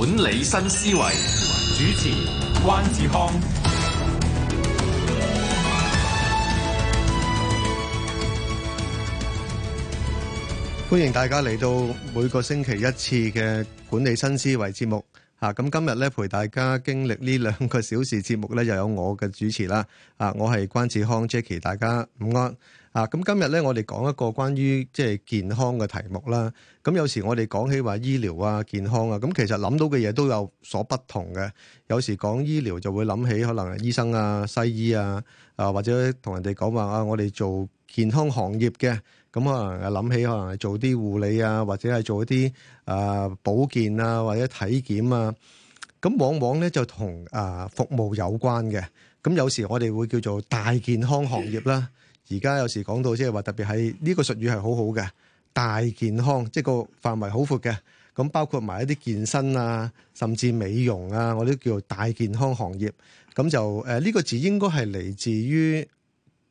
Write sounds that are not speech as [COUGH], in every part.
管理新思維，主持關志康，歡迎大家嚟到每個星期一次嘅管理新思維節目。吓、啊，咁今日咧陪大家經歷呢兩個小時節目咧，又有我嘅主持啦。啊，我係關志康 Jacky，大家午安。啊！咁今日咧，我哋講一個關於即係健康嘅題目啦。咁有時我哋講起話醫療啊、健康啊，咁其實諗到嘅嘢都有所不同嘅。有時講醫療就會諗起可能醫生啊、西醫啊，啊或者同人哋講話啊，我哋做健康行業嘅，咁可能諗起可能係做啲護理啊，或者係做一啲啊保健啊，或者體檢啊。咁往往咧就同啊服務有關嘅。咁有時我哋會叫做大健康行業啦。而家有時講到即係話特別係呢個術語係好好嘅大健康，即係個範圍好闊嘅，咁包括埋一啲健身啊，甚至美容啊，我哋都叫做大健康行業。咁就誒呢、呃呢個字應該係嚟自於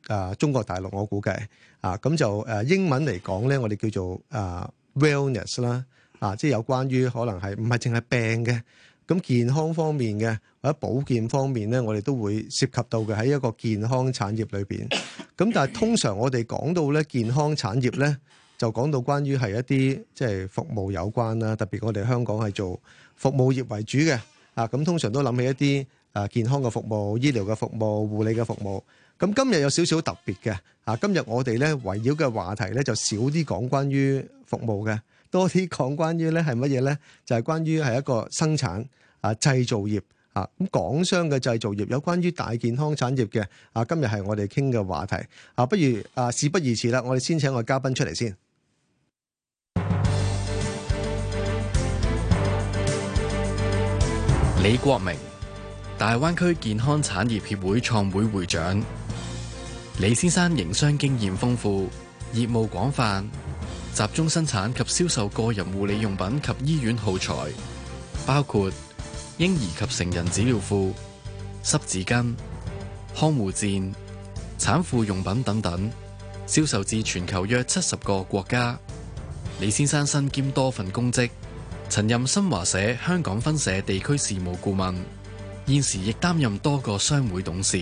啊、呃、中國大陸，我估計啊咁就誒、呃、英文嚟講咧，我哋叫做、呃、wellness，啊 wellness 啦，啊即係有關於可能係唔係淨係病嘅。咁健康方面嘅或者保健方面咧，我哋都會涉及到嘅喺一個健康產業裏邊。咁但係通常我哋講到咧健康產業咧，就講到關於係一啲即係服務有關啦。特別我哋香港係做服務業為主嘅啊，咁通常都諗起一啲啊健康嘅服務、醫療嘅服務、護理嘅服務。咁今日有少少特別嘅啊，今日我哋咧圍繞嘅話題咧，就少啲講關於服務嘅。多啲講關於咧係乜嘢咧？就係、是、關於係一個生產啊製造業啊，咁港商嘅製造業，有關於大健康產業嘅啊。今日係我哋傾嘅話題啊，不如啊事不宜遲啦，我哋先請個嘉賓出嚟先。李國明，大灣區健康產業協會創會會長，李先生營商經驗豐富，業務廣泛。集中生產及銷售個人護理用品及醫院耗材，包括嬰兒及成人紙尿褲、濕紙巾、康護墊、產婦用品等等，銷售至全球約七十個國家。李先生身兼多份公職，曾任新華社香港分社地區事務顧問，現時亦擔任多個商會董事。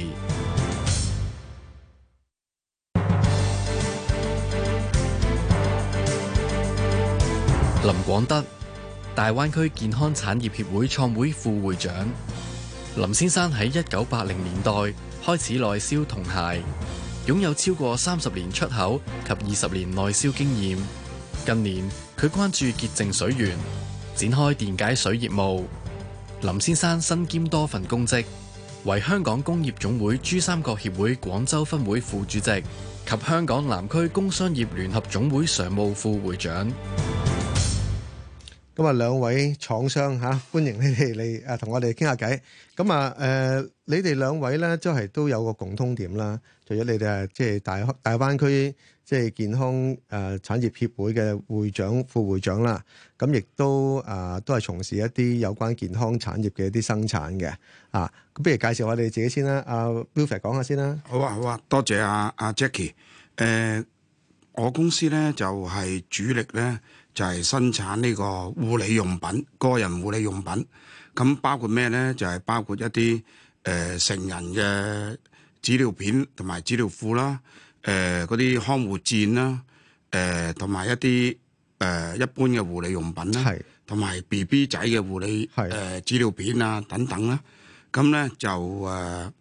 林廣德，大灣區健康產業協會創會副會長。林先生喺一九八零年代開始內銷童鞋，擁有超過三十年出口及二十年內銷經驗。近年，佢關注潔淨水源，展開電解水業務。林先生身兼多份公職，為香港工業總會珠三角協會廣州分會副主席及香港南區工商業聯合總會常務副會長。咁啊，兩位廠商嚇、啊，歡迎你哋嚟啊，同我哋傾下偈。咁啊，誒、呃，你哋兩位咧，都係都有個共通點啦。除咗你哋係即係大大灣區即係健康誒、呃、產業協會嘅會長、副會長啦，咁、啊、亦都啊，都係從事一啲有關健康產業嘅一啲生產嘅啊。咁不如介紹下你哋自己先啦，阿、啊、Bill 講下先啦。好啊，好啊，多謝啊阿、啊、Jackie。誒、呃，我公司咧就係、是、主力咧。就係生產呢個護理用品、個人護理用品，咁包括咩呢？就係包括一啲誒成人嘅紙尿片同埋紙尿褲啦，誒嗰啲康護墊啦，誒同埋一啲誒一般嘅護理用品啦，同埋 B B 仔嘅護理誒紙尿片啊等等啦。咁呢就誒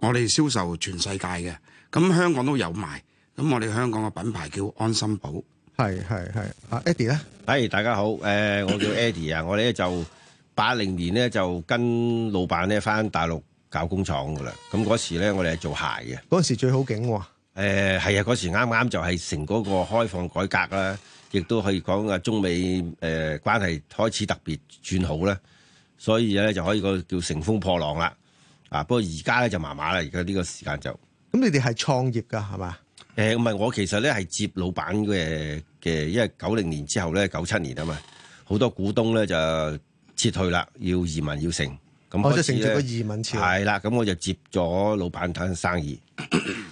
我哋銷售全世界嘅，咁香港都有賣。咁我哋香港嘅品牌叫安心寶。係係係，阿 Eddie 咧，係大家好，誒、呃，我叫 Eddie 啊， [COUGHS] 我哋咧就八零年咧就跟老闆咧返大陸搞工廠噶啦，咁嗰時咧我哋係做鞋嘅，嗰時最好景，哦，誒係、呃、啊，嗰時啱啱就係成嗰個開放改革啦，亦都可以講阿中美誒、呃、關係開始特別轉好啦，所以咧就可以個叫乘風破浪啦，啊不過而家咧就麻麻啦，而家呢個時間就，咁你哋係創業噶係嘛？誒唔係，我其實咧係接老闆嘅嘅，因為九零年之後咧，九七年啊嘛，好多股東咧就撤退啦，要移民要成咁，我就、哦、開始成咗個移民潮係啦。咁我就接咗老闆嘅生意，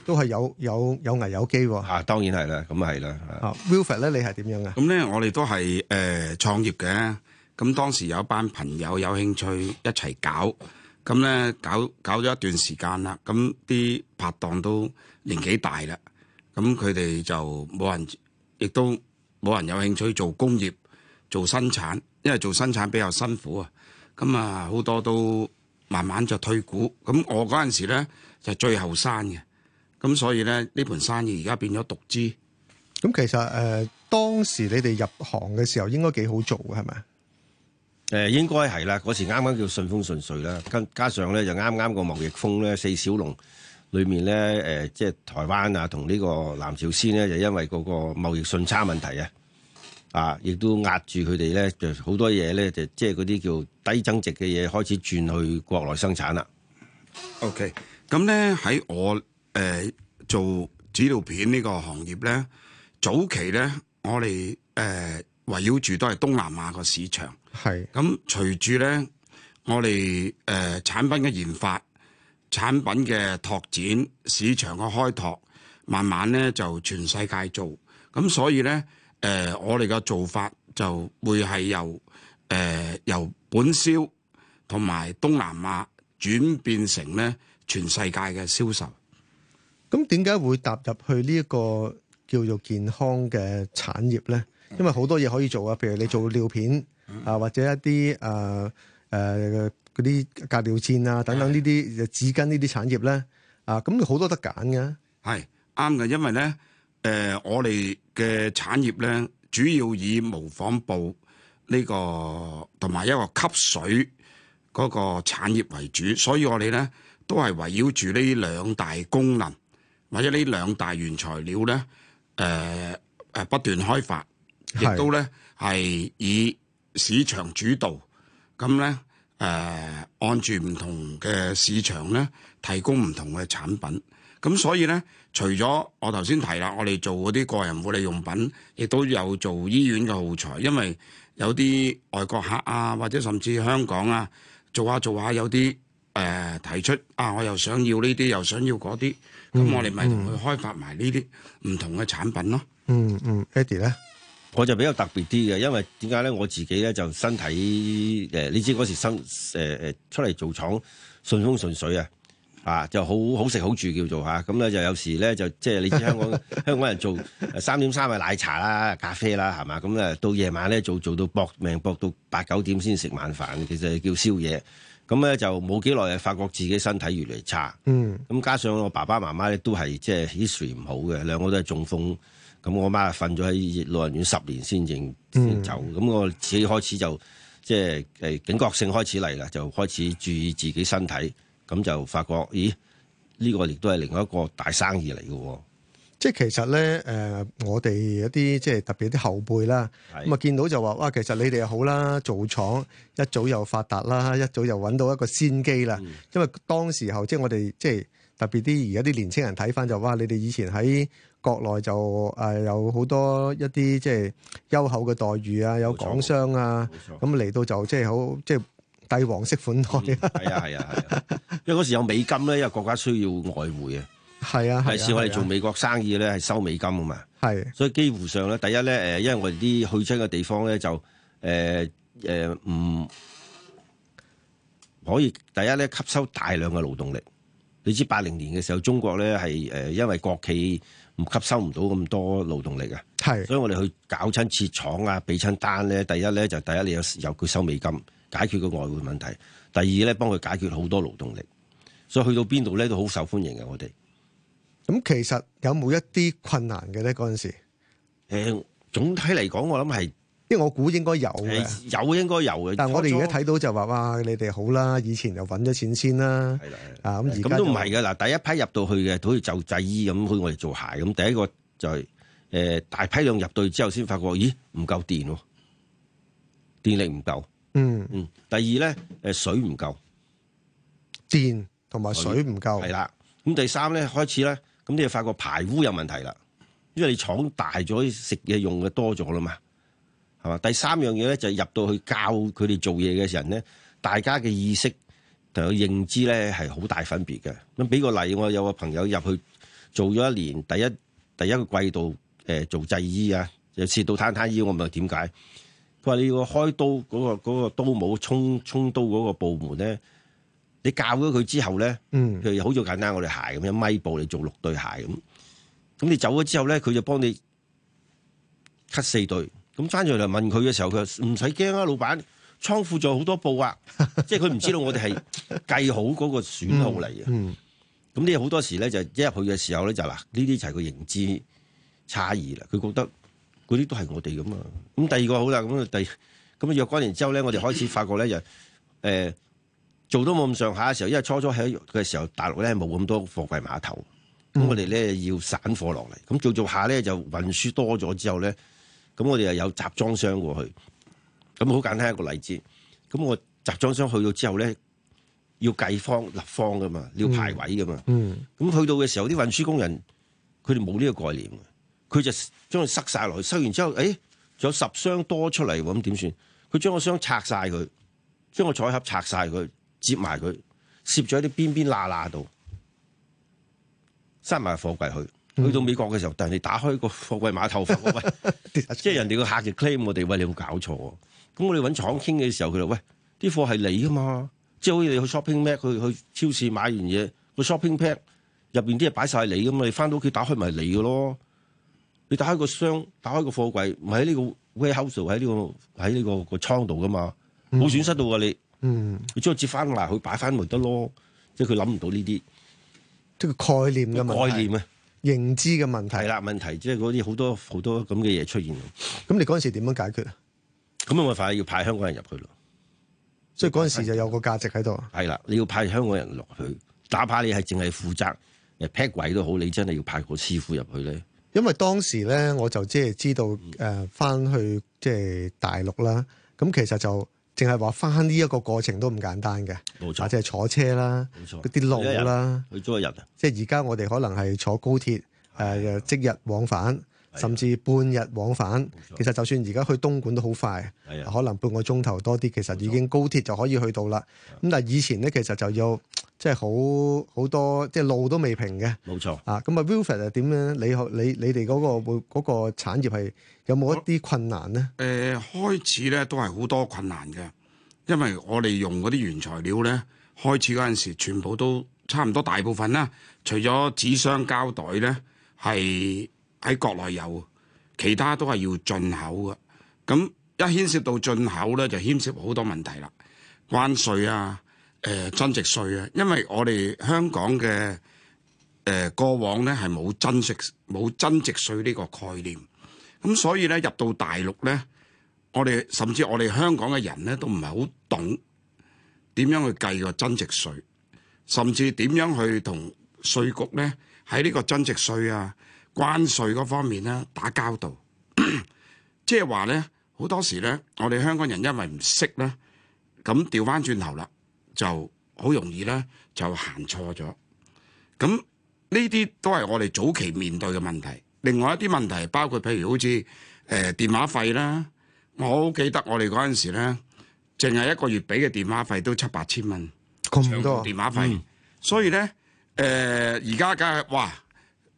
都係有有有危有機喎。嚇、啊，當然係啦，咁係啦嚇。Wilfred 咧，你係點樣啊？咁咧，我哋都係誒創業嘅。咁當時有一班朋友有興趣一齊搞，咁咧搞搞咗一段時間啦。咁啲拍檔都年紀大啦。咁佢哋就冇人，亦都冇人有興趣做工業、做生產，因為做生產比較辛苦啊。咁啊，好多都慢慢就退股。咁我嗰陣時咧就最後生嘅，咁所以咧呢盤生意而家變咗獨資。咁其實誒當時你哋入行嘅時候應該幾好做嘅係咪？誒應該係啦，嗰時啱啱叫順風順水啦，跟加上咧就啱啱個貿易風咧，四小龍。裏面咧，誒、呃，即係台灣啊，同呢個南朝鮮咧，就因為嗰個貿易順差問題啊，啊，亦都壓住佢哋咧，就好多嘢咧，就即係嗰啲叫低增值嘅嘢，開始轉去國內生產啦。OK，咁咧喺我誒、呃、做紙尿片呢個行業咧，早期咧我哋誒、呃、圍繞住都係東南亞個市場，係是。咁隨住咧我哋誒、呃、產品嘅研發。產品嘅拓展、市場嘅開拓，慢慢咧就全世界做。咁所以咧，誒、呃，我哋嘅做法就會係由誒、呃、由本銷同埋東南亞轉變成咧全世界嘅銷售。咁點解會踏入去呢一個叫做健康嘅產業咧？因為好多嘢可以做啊，譬如你做尿片啊，或者一啲誒誒。呃呃嗰啲隔尿墊啊，等等呢啲紙巾呢啲產業咧，啊咁好多得揀嘅，係啱嘅。因為咧，誒我哋嘅產業咧，主要以無紡布呢個同埋一個吸水嗰個產業為主，所以我哋咧都係圍繞住呢兩大功能或者呢兩大原材料咧，誒誒不斷開發，亦都咧係以市場主導咁咧。誒、呃、按住唔同嘅市場咧，提供唔同嘅產品。咁所以咧，除咗我頭先提啦，我哋做嗰啲個人護理用品，亦都有做醫院嘅耗材。因為有啲外國客啊，或者甚至香港啊，做下做下有啲誒、呃、提出啊，我又想要呢啲，又想要嗰啲。咁、嗯、我哋咪同佢開發埋呢啲唔同嘅產品咯。嗯嗯 Eddie 咧。我就比較特別啲嘅，因為點解咧？我自己咧就身體誒，你知嗰時生誒誒出嚟做廠順風順水啊，啊就好好食好住叫做嚇。咁、啊、咧就有時咧就即係你知香港 [LAUGHS] 香港人做三點三嘅奶茶啦、咖啡啦，係嘛？咁咧到夜晚咧做做到搏命搏到八九點先食晚飯，其實叫宵夜。咁咧就冇幾耐啊，就就發覺自己身體越嚟越差。嗯。咁加上我爸爸媽媽咧都係即係 history 唔好嘅，兩個都係中風。咁我媽啊瞓咗喺老人院十年先，至走。咁、嗯、我自己開始就即係誒警覺性開始嚟啦，就開始注意自己身體。咁就發覺，咦？呢、這個亦都係另外一個大生意嚟嘅。即係其實咧，誒、呃，我哋一啲即係特別啲後輩啦，咁啊是見到就話哇，其實你哋又好啦，做廠一早又發達啦，一早又揾到一個先機啦。嗯、因為當時候即係我哋即係特別啲而家啲年青人睇翻就哇，你哋以前喺～國內就誒有好多一啲即係優厚嘅待遇啊，有港商啊，咁嚟到就即係好即係帝王式款待。係啊係啊係啊，因為嗰時有美金咧，因為國家需要外匯啊。係啊係啊，係因為我哋做美國生意咧，係收美金啊嘛。係，所以幾乎上咧，第一咧誒，因為我哋啲去親嘅地方咧就誒誒唔可以，第一咧吸收大量嘅勞動力。你知八零年嘅時候，中國咧係誒因為國企。吸收唔到咁多勞動力啊，係的，所以我哋去搞親設廠啊，俾親單咧，第一咧就第一你有有佢收美金，解決個外匯問題，第二咧幫佢解決好多勞動力，所以去到邊度咧都好受歡迎嘅。我哋咁其實有冇一啲困難嘅咧嗰陣時？誒，呃，總體嚟講，我諗係。即我估應該有嘅，呃，有應該有嘅。但係我哋而家睇到就話哇初、啊，你哋好啦，以前又揾咗錢先啦。係啦，啊咁咁都唔係噶嗱，第一批入到去嘅，好似就製衣咁，去我哋做鞋咁。第一個就係、是、誒、呃、大批量入到之後，先發覺咦唔夠電喎，電力唔夠。嗯嗯。第二咧誒水唔夠，電同埋水唔夠。係啦。咁第三咧開始咧，咁你就發覺排污有問題啦，因為你廠大咗，食嘢用嘅多咗啦嘛。係嘛？第三樣嘢咧就係入到去教佢哋做嘢嘅時候咧，大家嘅意識同佢認知咧係好大分別嘅。咁俾個例，我有個朋友入去做咗一年，第一第一個季度誒、呃、做製衣啊，又涉到攤攤衣，我問點解？佢話：你要開刀嗰、嗰個嗰個刀帽，衝衝刀嗰個部門咧，你教咗佢之後咧，佢又好似簡單我哋鞋咁，一咪布你做六對鞋咁。咁你走咗之後咧，佢就幫你 cut 四對。咁翻上嚟問佢嘅時候，佢唔使驚啊，老闆，倉庫仲有好多部啊！即係佢唔知道我哋係計好嗰個損耗嚟嘅。咁呢好多時咧，就一入去嘅時候咧，就嗱呢啲就係佢認知差異啦。佢覺得嗰啲都係我哋㗎嘛。咁第二個好啦，咁第咁約嗰年之後咧，我哋開始發覺咧，就、呃、誒，做到冇咁上下嘅時候，因為初初喺嘅時候大陸咧冇咁多貨櫃碼頭，咁我哋咧要散貨落嚟，咁做做下咧就運輸多咗之後咧。咁我哋又有集裝箱過去，咁好簡單一個例子。咁我集裝箱去到之後咧，要計方立方噶嘛，你要排位噶嘛。咁、嗯、去到嘅時候，啲運輸工人佢哋冇呢個概念，佢就將佢塞晒落去，塞完之後，誒、欸，仲有十箱多出嚟，咁點算？佢將個箱拆晒佢，將個彩盒拆晒佢，接埋佢，攝咗喺啲邊邊罅罅度，塞埋貨櫃去。去到美國嘅時候，但係你打開個貨櫃碼頭，喂， [LAUGHS] 即係人哋個客就 claim 我哋，喂，你有冇搞錯？咁我哋揾廠傾嘅時候佢就喂，啲貨係你噶嘛，即係好似你去 shopping map 去去超市買完嘢，個 shopping pack 入邊啲嘢擺晒你噶嘛。你翻到屋企打開咪你嘅咯，你打開個箱，打開個貨櫃，咪喺呢個 warehouse 喺呢、這個喺呢個個倉度噶嘛，冇損失到噶你，嗯，你將佢接翻埋去擺翻咪得咯，嗯、即係佢諗唔到呢啲，即係個概念嘅問題。認知嘅問題係啦，問題即係嗰啲好多好多咁嘅嘢出現。咁你嗰陣時點樣解決啊？咁啊，咪快要派香港人入去咯。所以嗰陣時就有個價值喺度。係啦，你要派香港人落去，哪怕你係淨係負責誒 pack 鬼都好，你真係要派個師傅入去咧。因為當時咧，我就即係知道誒，翻、呃、去即係、就是、大陸啦。咁其實就。淨係話翻呢一個過程都唔簡單嘅，冇錯，即係坐車啦，冇錯，啲路啦，去咗一日，即係而家我哋可能係坐高鐵，誒、即日往返，甚至半日往返。其實就算而家去東莞都好快，可能半個鐘頭多啲，其實已經高鐵就可以去到啦。咁但係以前呢，其實就要。即係好好多，即係路都未平嘅。冇錯啊，咁啊 Wilford 啊，點樣呢？你你你哋嗰、嗰個會嗰、嗰個產業係有冇一啲困難咧？誒、呃，開始咧都係好多困難嘅，因為我哋用嗰啲原材料咧，開始嗰陣時全部都差唔多大部分啦，除咗紙箱膠袋咧係喺國內有，其他都係要進口嘅。咁一牽涉到進口咧，就牽涉好多問題啦，關稅啊。誒、呃、增值稅啊，因為我哋香港嘅誒、呃、過往咧係冇增值冇增值稅呢個概念，咁所以咧入到大陸咧，我哋甚至我哋香港嘅人咧都唔係好懂點樣去計個增值稅，甚至點樣去同稅局咧喺呢個增值稅啊關稅嗰方面咧打交道，即係話咧好多時咧，我哋香港人因為唔識咧，咁調翻轉頭啦。就好容易咧，就行錯咗。咁呢啲都係我哋早期面對嘅問題。另外一啲問題包括譬如好似誒、呃、電話費啦。我好記得我哋嗰陣時咧，淨係一個月俾嘅電話費都七八千蚊咁多電話費。嗯、所以咧，誒而家梗係哇，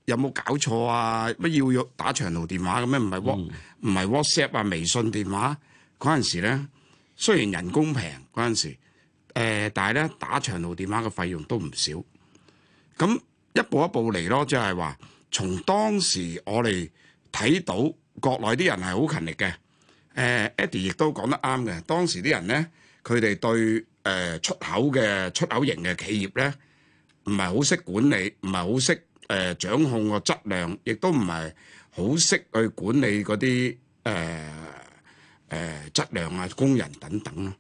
有冇搞錯啊？乜要打長途電話嘅咩？唔係、嗯、WhatsApp 唔係 WhatsApp 啊，微信電話嗰陣時咧，雖然人工平嗰陣時。誒、呃，但係咧，打長途電話嘅費用都唔少，咁一步一步嚟咯，即係話從當時我哋睇到國內啲人係好勤力嘅，誒、呃，Eddie 亦都講得啱嘅。當時啲人咧，佢哋對誒、呃、出口嘅出口型嘅企業咧，唔係好識管理，唔係好識誒掌控個質量，亦都唔係好識去管理嗰啲誒誒質量啊、工人等等咯。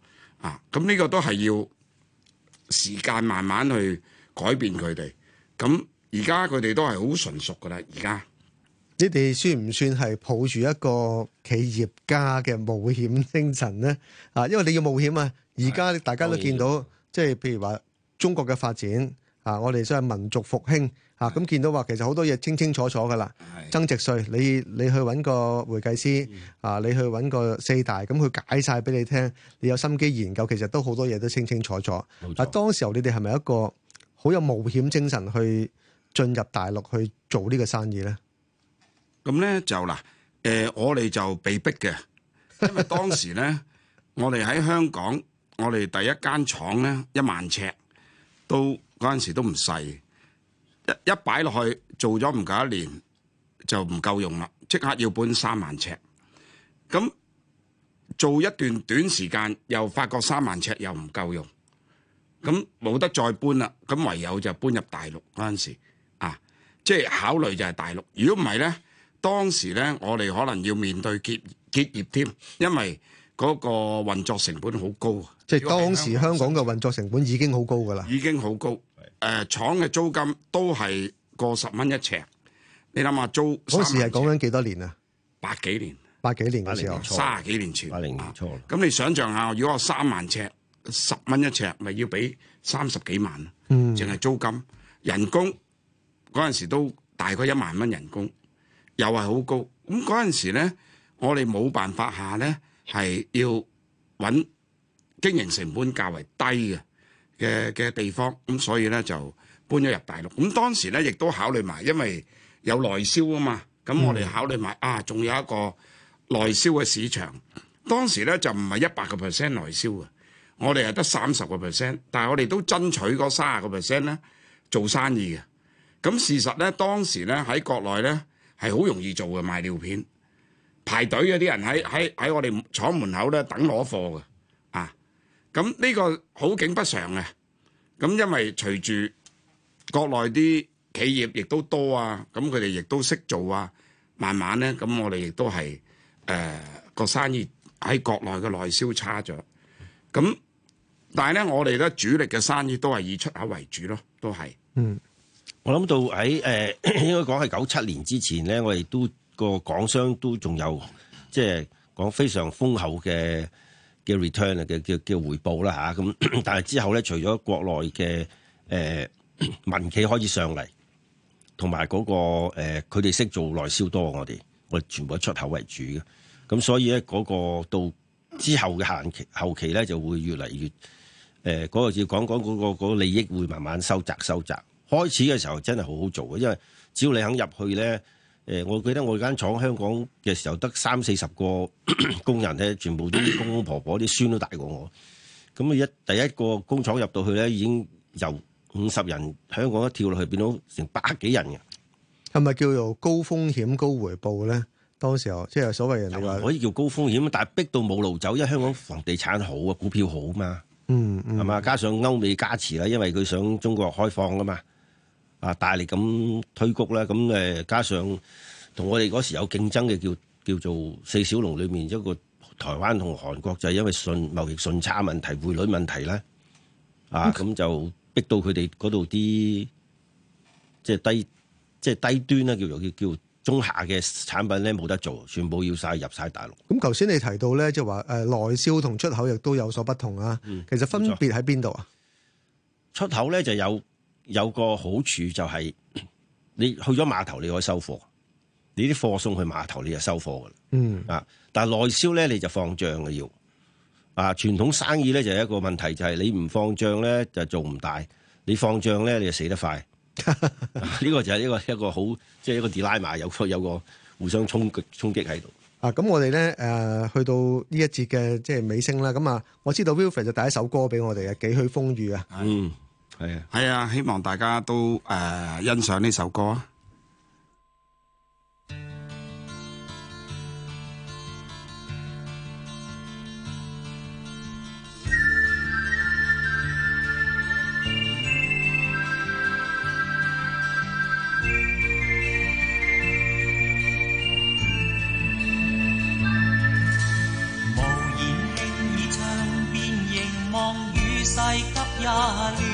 啊！咁、這、呢個都係要時間慢慢去改變佢哋。咁而家佢哋都係好純熟㗎喇。而家你哋算唔算係抱住一個企業家嘅冒險精神咧？啊，因為你要冒險啊！而家大家都見到，即係的譬如話中國嘅發展啊，我哋所謂民族復興。啊，咁見到話其實好多嘢清清楚楚噶啦，增值稅，你你去揾個會計師啊，你去揾個四大，咁佢解曬俾你聽。你有心機研究，其實都好多嘢都清清楚楚。嗱，當時候你哋係咪一個好有冒險精神去進入大陸去做呢個生意呢？咁呢就嗱，誒我哋就被逼嘅，因為當時呢，我哋喺香港，我哋第一間廠呢，一萬尺，到嗰陣時都唔細。一擺落去做咗唔夠一年就唔夠用啦，即刻要搬三萬尺。咁做一段短時間又發覺三萬尺又唔夠用，咁冇得再搬啦。咁唯有就搬入大陸嗰陣時啊，即係考慮就係大陸。如果唔係呢，當時呢，我哋可能要面對結結業添，因為嗰個運作成本好高啊。即係當時香港嘅運作成本已經好高㗎啦，已經好高。誒廠嘅租金都係過十蚊一尺，你諗下租嗰時係講緊幾多年啊？八幾年，八幾年嘅時候，卅幾年前，八零年錯啦。咁你想象下，如果三萬尺，十蚊一尺，咪要俾三十幾萬啦？嗯，淨係租金、人工嗰陣時都大概一萬蚊人工，又係好高。咁嗰陣時咧，我哋冇辦法下咧，係要揾經營成本較為低嘅嘅嘅地方咁，所以咧就搬咗入大陸。咁當時咧亦都考慮埋，因為有內銷啊嘛。咁我哋考慮埋啊，仲有一個內銷嘅市場。當時咧就唔係一百個 percent 內銷啊，我哋係得三十個 percent。但係我哋都爭取嗰三十個 percent 咧做生意嘅。咁事實咧，當時咧喺國內咧係好容易做嘅，賣尿片，排隊嗰啲人喺喺喺我哋廠門口咧等攞貨嘅。咁呢個好景不常啊！咁因為隨住國內啲企業亦都多啊，咁佢哋亦都識做啊，慢慢咧，咁我哋亦都係誒個生意喺國內嘅內銷差咗。咁但係咧，我哋而家主力嘅生意都係以出口為主咯，都係。嗯，我諗到喺誒應該講係九七年之前咧，我哋都個港商都仲有即係講非常豐厚嘅。嘅 return 啊，嘅叫叫回報啦吓。咁但係之後咧，除咗國內嘅誒、呃、民企開始上嚟，同埋嗰個佢哋識做內銷多，我哋我哋全部以出口為主嘅，咁所以咧嗰、嗰個到之後嘅限期後期咧就會越嚟越誒嗰、呃嗰個要講講嗰、嗰個嗰個利益會慢慢收窄收窄。開始嘅時候真係好好做嘅，因為只要你肯入去咧。誒，我記得我間廠香港嘅時候得三四十個 [COUGHS] 工人咧，全部啲公公婆婆啲孫都大過我。咁啊一第一個工廠入到去咧，已經由五十人香港一跳落去變到成百幾人嘅。係咪叫做高風險高回報咧？當時候即係所謂人哋可以叫高風險，但係逼到冇路走，因為香港房地產好啊，股票好嘛。嗯嗯，係嘛？加上歐美加持啦，因為佢想中國開放啊嘛。啊！大力咁推谷啦，咁誒加上同我哋嗰時有競爭嘅，叫叫做四小龍裏面一個台灣同韓國就係因為貿易順差問題，匯率問題咧，嗯、啊咁就逼到佢哋嗰度啲即係低即係低端咧，叫做叫叫中下嘅產品咧冇得做，全部要晒入晒大陸。咁頭先你提到咧就話誒內銷同出口亦都有所不同啊，其實分別喺邊度啊？出口咧就有。有個好處就係你去咗碼頭，你可以收貨。你啲貨送去碼頭，你就收貨噶啦。嗯啊，但係內銷咧，你就放賬嘅要啊。傳統生意咧就係一個問題，就係、是、你唔放賬咧就做唔大，你放賬咧你就死得快。呢、 [LAUGHS] 啊這個就係一個一個好，即、就、係、是、一個 dilemma，有有個互相衝擊衝擊喺度啊。咁我哋咧誒，去到呢一節嘅即係尾聲啦。咁啊，我知道 Wilfred 就第一首歌俾我哋啊，幾許風雨啊。嗯。係啊，係 [NOISE] 啊楽，希望大家都誒欣賞呢首歌啊！無言輕倚窗邊凝望，雨勢急也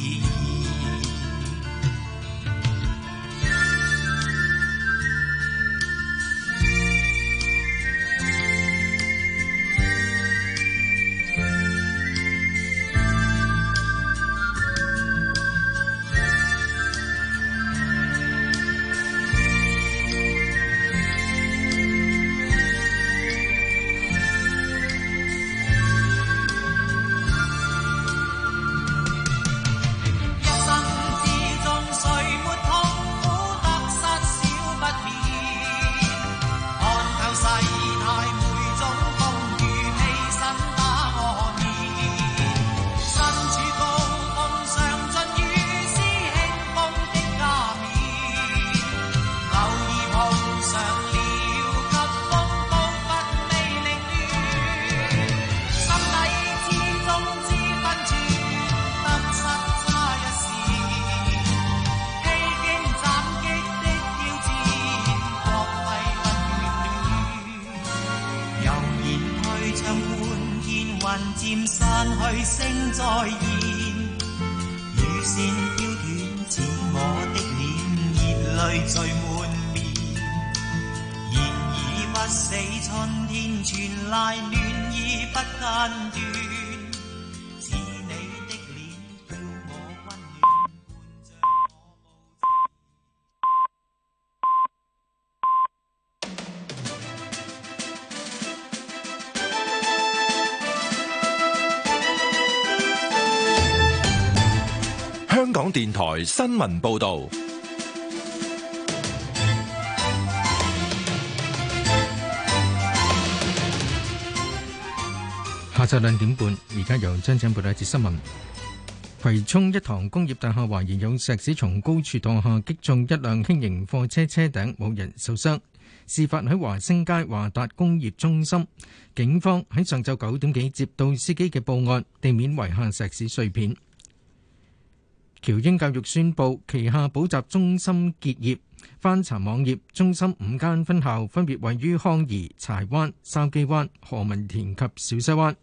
台新聞報道，下晝兩點半，而家由張張報道一節新聞。葵涌一堂工業大廈懷疑有石屎從高處墮下擊中一輛輕型貨車車頂，冇人受傷。事發喺華星街華達工業中心，警方喺上晝九點幾接到司機嘅報案，地面遺下石屎碎片。僑英教育宣布旗下補習中心結業。翻查網頁，中心五間分校分別位於康怡、柴灣、筲箕灣、何文田及小西灣。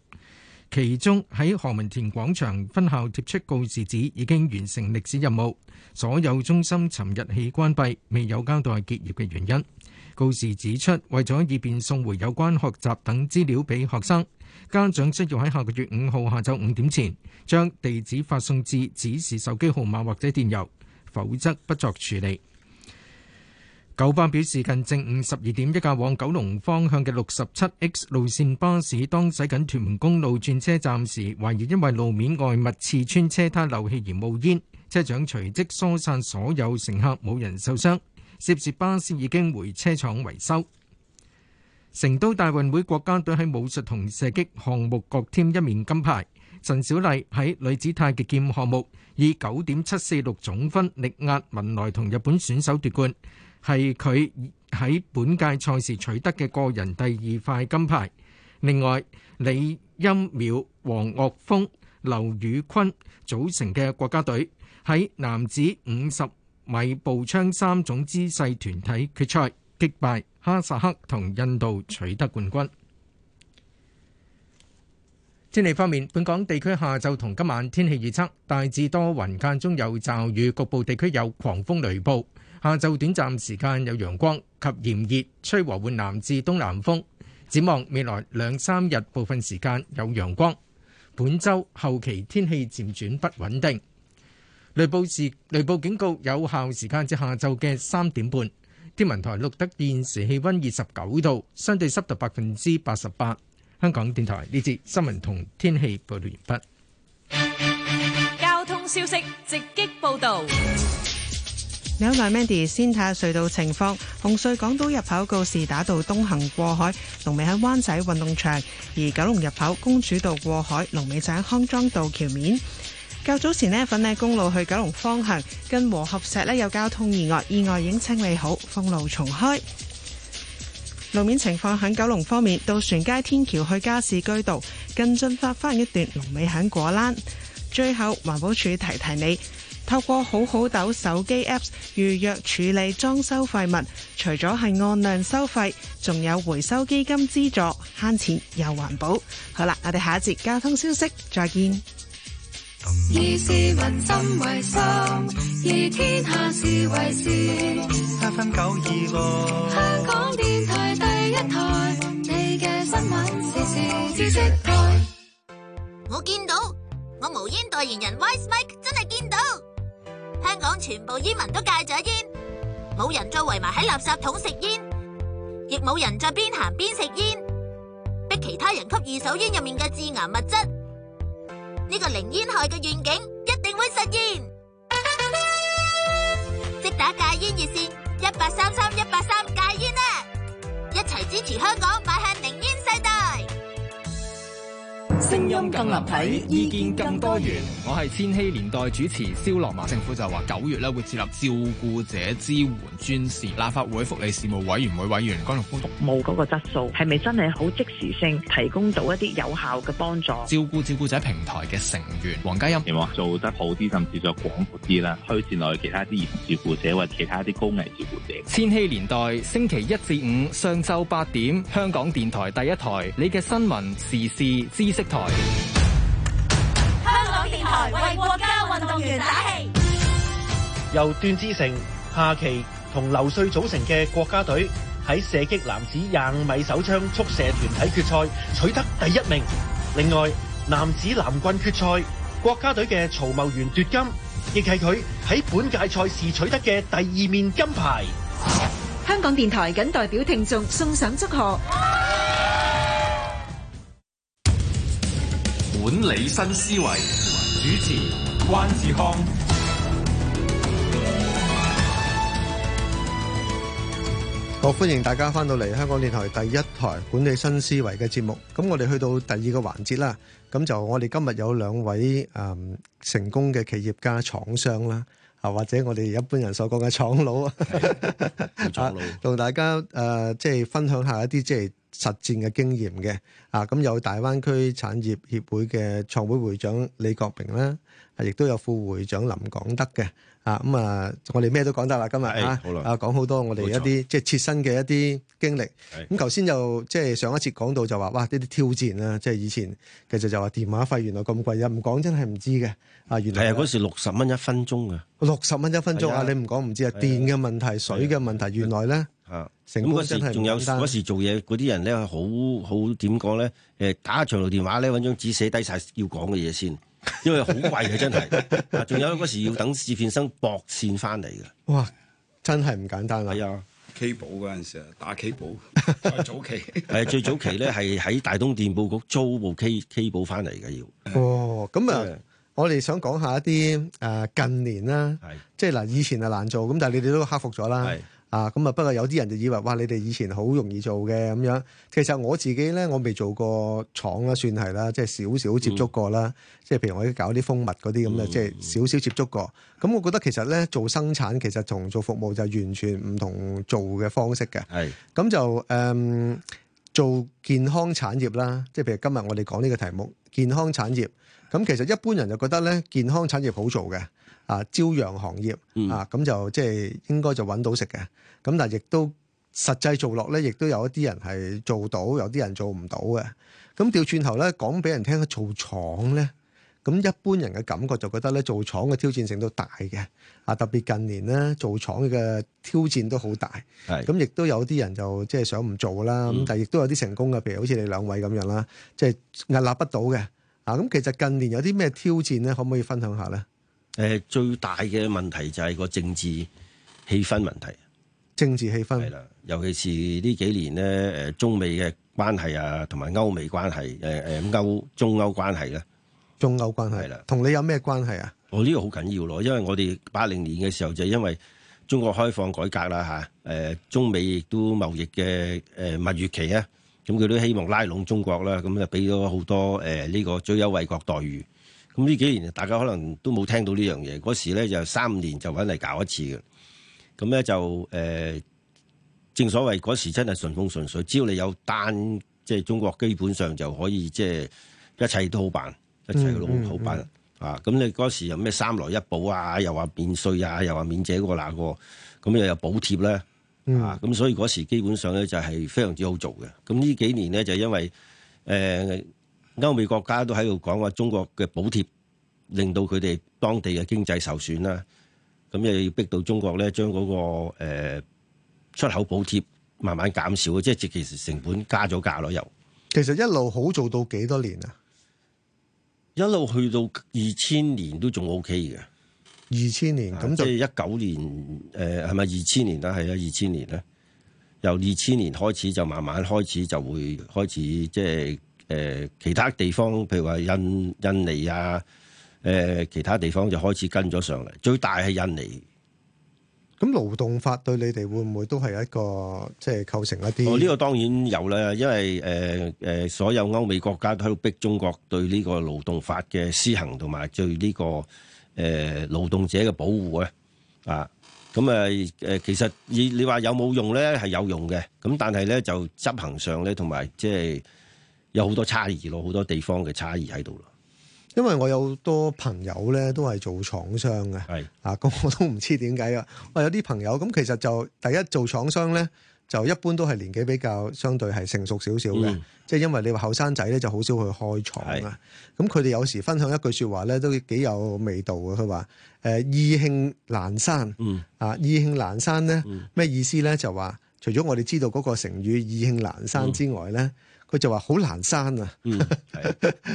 其中喺何文田廣場分校貼出告示紙，已經完成歷史任務，所有中心尋日起關閉，未有交代結業嘅原因。告示指出，為咗以便送回有關學習等資料俾學生家長，需要喺下個月五號下晝五點前將地址發送至指示手機號碼或者電郵，否則不作處理。九巴表示，近正午十二點，一架往九龍方向嘅六十七 X 路線巴士，當駛緊屯門公路轉車站時，懷疑因為路面外物刺穿車胎漏氣而冒煙，車長隨即疏散所有乘客，冇人受傷。涉事巴士已經回車廠維修。成都大運會國家隊喺武術同射擊項目各添一面金牌。陳小麗喺女子太極劍項目以九點七四六總分力壓文萊同日本選手奪冠。係佢喺本屆賽事取得嘅個人第二塊金牌。另外，李鑫淼、王岳峰、劉宇坤組成嘅國家隊喺男子五十米步槍三種姿勢團體決賽擊敗哈薩克同印度，取得冠軍。天氣方面，本港地區下晝同今晚天氣預測大致多雲，間中有驟雨，局部地區有狂風雷暴。下晝短暫時間有陽光及炎熱，吹和緩南至東南風。展望未來兩三日部分時間有陽光。本周後期天氣漸轉不穩定，雷暴時雷暴警告有效時間至下晝嘅三點半。天文台錄得現時氣溫二十九度，相對濕度百分之八十八。香港電台呢節新聞同天氣報道完畢。交通消息直擊報道。你好，Mandy 先睇下隧道情況。紅隧港島入口告士打道東行過海，龍尾喺灣仔運動場；而九龍入口公主道過海，龍尾就喺康莊道橋面。較早前呢粉嶺公路去九龍方向，近和合石呢有交通意外，意外已經清理好，封路重開。路面情況喺九龍方面，渡船街天橋去加士居道，跟進發翻一段，龍尾喺果欄。最後，環保署提提提你。透過好好斗手機 apps 預約處理裝修廢物，除咗係按量收費，仲有回收基金資助，慳錢又環保。好啦，我哋下一節交通消息，再見。以市民心為心，以天下事為事。七分九二，香港電台第一台，你嘅新聞時事知識台。我見到，我無煙代言人 Wise Mike 真係見到。香港全部煙民都戒咗煙，冇人再圍埋喺垃圾桶食煙，亦冇人再邊行邊食煙，逼其他人吸二手煙入面嘅致癌物質。呢個零煙害嘅願景一定會實現。即打戒煙熱線一八三三一八三戒煙啊！一齊支持香港邁向零煙世代。聲音更立體，意見更多元。我係千禧年代主持蕭樂文。政府就話九月咧會設立照顧者支援專線，立法會福利事務委員會委員關玉峰，服務嗰個質素係咪真係好即時性提供到一啲有效嘅幫助？照顧照顧者平台嘅成員黃家欣，你話麼做得好啲，甚至再廣闊啲啦，推薦落去其他啲兒童照顧者或者其他啲高危照顧者。千禧年代星期一至五上晝八點，香港電台第一台，你嘅新聞時事知識。台香港電台為國家運動員打氣，由段志成、夏琪同劉瑞組成嘅國家隊喺射擊男子廿五米手槍速射團體決賽取得第一名。另外男子南棍決賽國家隊嘅曹茂園奪金，亦係佢在本屆賽事取得嘅第二面金牌。香港電台謹代表聽眾送上祝賀。管理新思維，主持關志康。好，歡迎大家翻到嚟香港電台第一台《管理新思維》嘅節目。咁我哋去到第二個環節啦，咁就我哋今日有兩位誒、嗯、成功嘅企業家、廠商啦，啊或者我哋一般人所講嘅廠佬的 [LAUGHS] [LAUGHS] 啊，同佬大家誒即係分享一下一啲即係。即係實戰嘅經驗嘅啊，咁有大灣區產業協會嘅創會會長李國明啦，亦都有副會長林廣德嘅啊，咁啊，我哋咩都講得啦，今日啊，講好多我哋一啲即係切身嘅一啲經歷。咁頭先又即係上一次講到就話，哇，呢啲挑戰啊，即係以前其實就話電話費原來咁貴，又唔講真係唔知嘅啊，原來係啊，嗰時六十蚊一分鐘啊，六十蚊一分鐘啊，你唔講唔知啊，電嘅問題、水嘅問題，原來咧。啊！咁嗰時仲有嗰時做嘢嗰啲人咧，好好點講咧？誒，打長途電話咧，搵張紙寫低晒要講嘅嘢先，因為好貴嘅真係。仲 [LAUGHS] 有嗰時要等試片生駁線翻嚟嘅。哇！真係唔簡單啊！電報嗰陣時啊，打電報，早期係 [LAUGHS] 最早期咧，係喺大東電報局租部電報機翻嚟嘅要。哦，咁啊，的我哋想講下一啲誒，近年啦，的即係嗱，以前啊難做，咁但係你哋都克服咗啦。啊，咁啊！不過有啲人就以為，哇！你哋以前好容易做嘅咁樣，其實我自己咧，我未做過廠啦，算係啦，即係少少接觸過啦。即係、嗯、譬如我搞啲蜂蜜嗰啲咁啊，嗯、即係少少接觸過。咁我覺得其實咧，做生產其實同做服務就完全唔同做嘅方式嘅。係是。咁就誒、呃，做健康產業啦，即係譬如今日我哋講呢個題目健康產業。咁其實一般人就覺得咧，健康產業好做嘅。陽嗯、啊！朝陽行業啊，咁就即係應該就揾到食嘅。咁但係亦都實際做落咧，亦都有一啲人係做到，有啲人做唔到嘅。咁調轉頭咧，講俾、嗯、人聽做廠咧，咁一般人嘅感覺就覺得咧，做廠嘅挑戰性都大嘅。啊，特別近年咧，做廠嘅挑戰都好大。咁亦是、嗯、都有啲人就即係想唔做啦。咁但係亦都有啲成功嘅，譬如好似你兩位咁樣啦，即係屹立不倒嘅。啊，咁其實近年有啲咩挑戰咧？可唔可以分享下咧？誒最大嘅問題就係個政治氣氛問題，政治氣氛係啦，尤其是呢幾年咧誒、呃，中美嘅關係啊，同埋歐美關係，誒、呃、誒，歐中歐關係咧，中歐關係啦、啊，同的你有咩關係啊？我呢、哦這個好緊要咯，因為我哋八零年嘅時候就因為中國開放改革啦嚇，誒、呃、中美亦都貿易嘅誒、呃、蜜月期啊，咁、呃、佢都希望拉攏中國啦，咁就俾咗好多誒呢、呃這個最優惠國待遇。咁呢幾年，大家可能都冇聽到呢樣嘢。嗰時咧就三年就揾嚟搞一次嘅。咁咧就誒、呃，正所謂嗰時真係順風順水，只要你有單，即係中國基本上就可以，即係一切都好辦，一切都好好辦嗯嗯啊！咁你嗰時有咩三來一補、嗯嗯、啊，又話免稅啊，又話免這個那個，咁又有補貼咧啊！咁所以嗰時基本上咧就係非常之好做嘅。咁呢幾年咧就因為誒，呃歐美國家都喺度講話中國嘅補貼令到佢哋當地嘅經濟受損啦，咁又要逼到中國咧將嗰個誒、呃、出口補貼慢慢減少，即係其實成本加咗價咯又。其實一路好做到幾多年啊？一路去到二千年都仲 OK 嘅。二千年咁即係一九年誒，係咪二千年啦？係啊，二千年咧，由二千年開始就慢慢開始就會開始即係。誒，其他地方譬如話印印尼啊，誒，其他地方就開始跟咗上嚟，最大係印尼。咁勞動法對你哋會唔會都係一個即係構成一啲？哦，呢個當然有啦，因為誒誒，所有歐美國家都喺度逼中國對呢個勞動法嘅施行同埋對呢個誒勞動者嘅保護啊。啊，咁啊誒，其實你你話有冇用咧？係有用嘅，咁但係咧就執行上咧，同埋即係。有好多差異咯，好多地方嘅差異喺度咯。因為我有好多朋友咧，都係做廠商嘅，係啊是，咁我都唔知點解啊。我有啲朋友咁，其實就第一做廠商咧，就一般都係年紀比較相對係成熟少少嘅。即係、嗯、因為你話後生仔咧，就好少去開廠啊。咁佢哋有時分享一句説話咧，都幾有味道嘅。佢話：誒、呃，意興闌珊，嗯啊，意興闌珊咧，咩意思咧？就話除咗我哋知道嗰個成語意興闌珊之外咧。嗯佢就話好難生啊、嗯！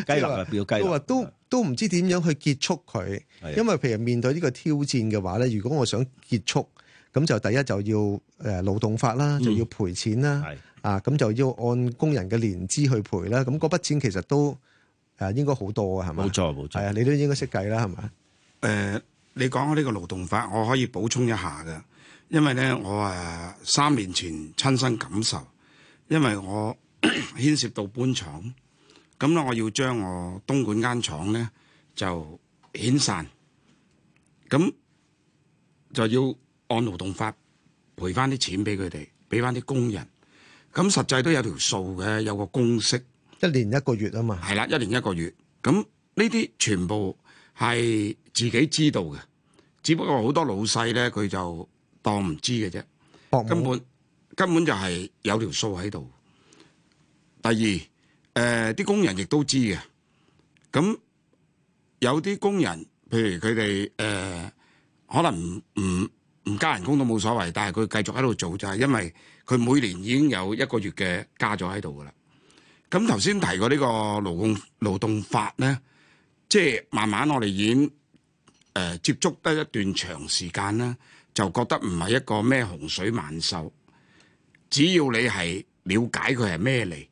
雞肋啊，要雞肋 [LAUGHS] 說都都唔知點樣去結束佢，是的 因為譬如面對呢個挑戰嘅話咧，如果我想結束，咁就第一就要誒勞動法啦，就要賠錢啦，嗯、啊咁就要按工人嘅年資去賠啦。咁嗰筆錢其實都誒、啊、應該好多啊，係咪？冇錯，冇錯，係啊，你都應該識計啦，係咪？誒、呃，你講開呢個勞動法，我可以補充一下㗎，因為咧我誒三年前親身感受，因為我。牽涉到搬廠，咁咧我要將我東莞間廠咧就遣散，咁就要按勞動法賠翻啲錢俾佢哋，俾翻啲工人。咁實際都有條數嘅，有個公式，一年一個月啊嘛。係啦，一年一個月。咁呢啲全部係自己知道嘅，只不過好多老細咧佢就當唔知嘅啫，根本根本就係有條數喺度。第二，誒啲工人亦都知嘅，咁有啲工人，譬如佢哋誒，可能唔唔唔加人工都冇所謂，但係佢繼續喺度做就係因為佢每年已經有一個月嘅加咗喺度噶啦。咁頭先提過呢個勞工勞動法咧，即係慢慢我哋已經誒接觸得一段長時間啦，就覺得唔係一個咩洪水猛獸，只要你係瞭解佢係咩嚟。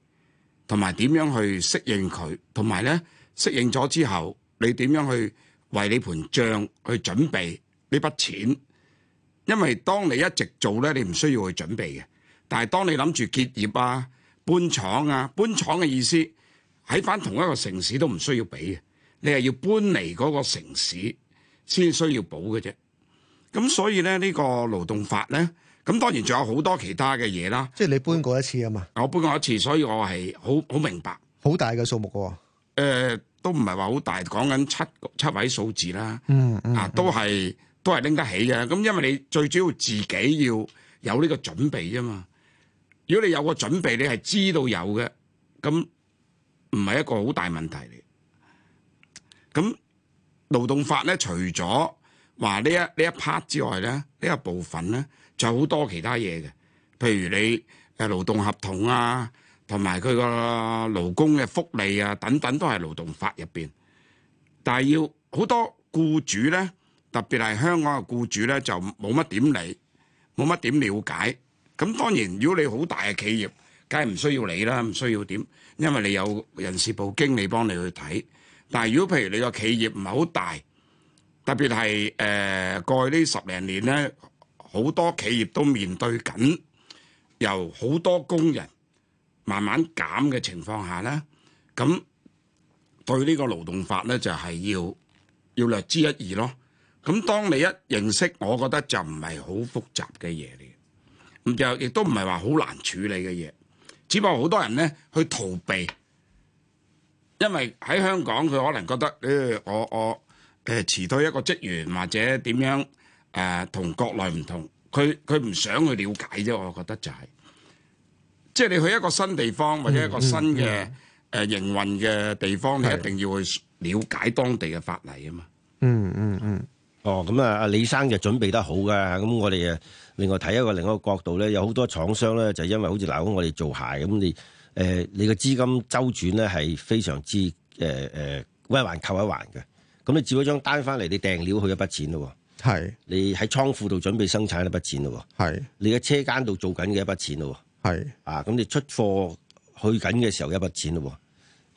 同埋點樣去適應佢，同埋咧適應咗之後，你點樣去為你盤帳去準備呢筆錢？因為當你一直做咧，你唔需要去準備嘅。但係當你諗住結業啊、搬廠啊、搬廠嘅意思喺返同一個城市都唔需要俾嘅，你係要搬離嗰個城市先需要補嘅啫。咁所以咧，呢個勞動法咧。咁當然仲有好多其他嘅嘢啦，即係你搬過一次啊嘛，我搬過一次，所以我係好好明白，好大嘅數目嘅喎，呃，都唔係話好大，講緊七七位數字啦，嗯，嗯，嗯啊都係都係拎得起嘅，咁因為你最主要自己要有呢個準備啫嘛，如果你有個準備，你係知道有嘅，咁唔係一個好大問題嚟，咁勞動法咧除咗話呢一呢一 part 之外咧，呢個部分咧。就好多其他嘢嘅，譬如你誒勞動合同啊，同埋佢個勞工嘅福利啊，等等都係勞動法入邊。但係要好多僱主咧，特別係香港嘅僱主咧，就冇乜點理，冇乜點了解。咁當然，如果你好大嘅企業梗係唔需要你啦，唔需要點，因為你有人事部經理幫你去睇。但係如果譬如你個企業唔係好大，特別係誒過去呢十零年咧。好多企業都面對緊，由好多工人慢慢減嘅情況下呢，咁對呢個勞動法呢，就係要要略知一二咯。咁當你一認識，我覺得就唔係好複雜嘅嘢嚟，咁就亦都唔係話好難處理嘅嘢。只不過好多人呢去逃避，因為喺香港，佢可能覺得誒、哎、我我誒呃、辭退一個職員或者點樣。誒同、呃、國內唔同，佢佢唔想去了解啫，我覺得就係、是，即係你去一個新地方或者一個新嘅誒營運嘅地方，你一定要去了解當地嘅法例啊嘛。嗯嗯嗯。嗯嗯哦，咁啊，阿李生就準備得好㗎。咁我哋啊，另外睇一個另一個角度咧，有好多廠商咧，就是、因為好似嗱，我哋做鞋咁、呃，你誒你嘅資金周轉咧係非常之誒誒，威、呃、環、呃、扣一環嘅。咁你照咗張單翻嚟，你訂料去一筆錢咯喎、哦。係，是你喺倉庫度準備生產一筆錢咯，係是。你喺車間度做緊嘅一筆錢咯，係是。啊，咁你出貨去緊嘅時候一筆錢咯，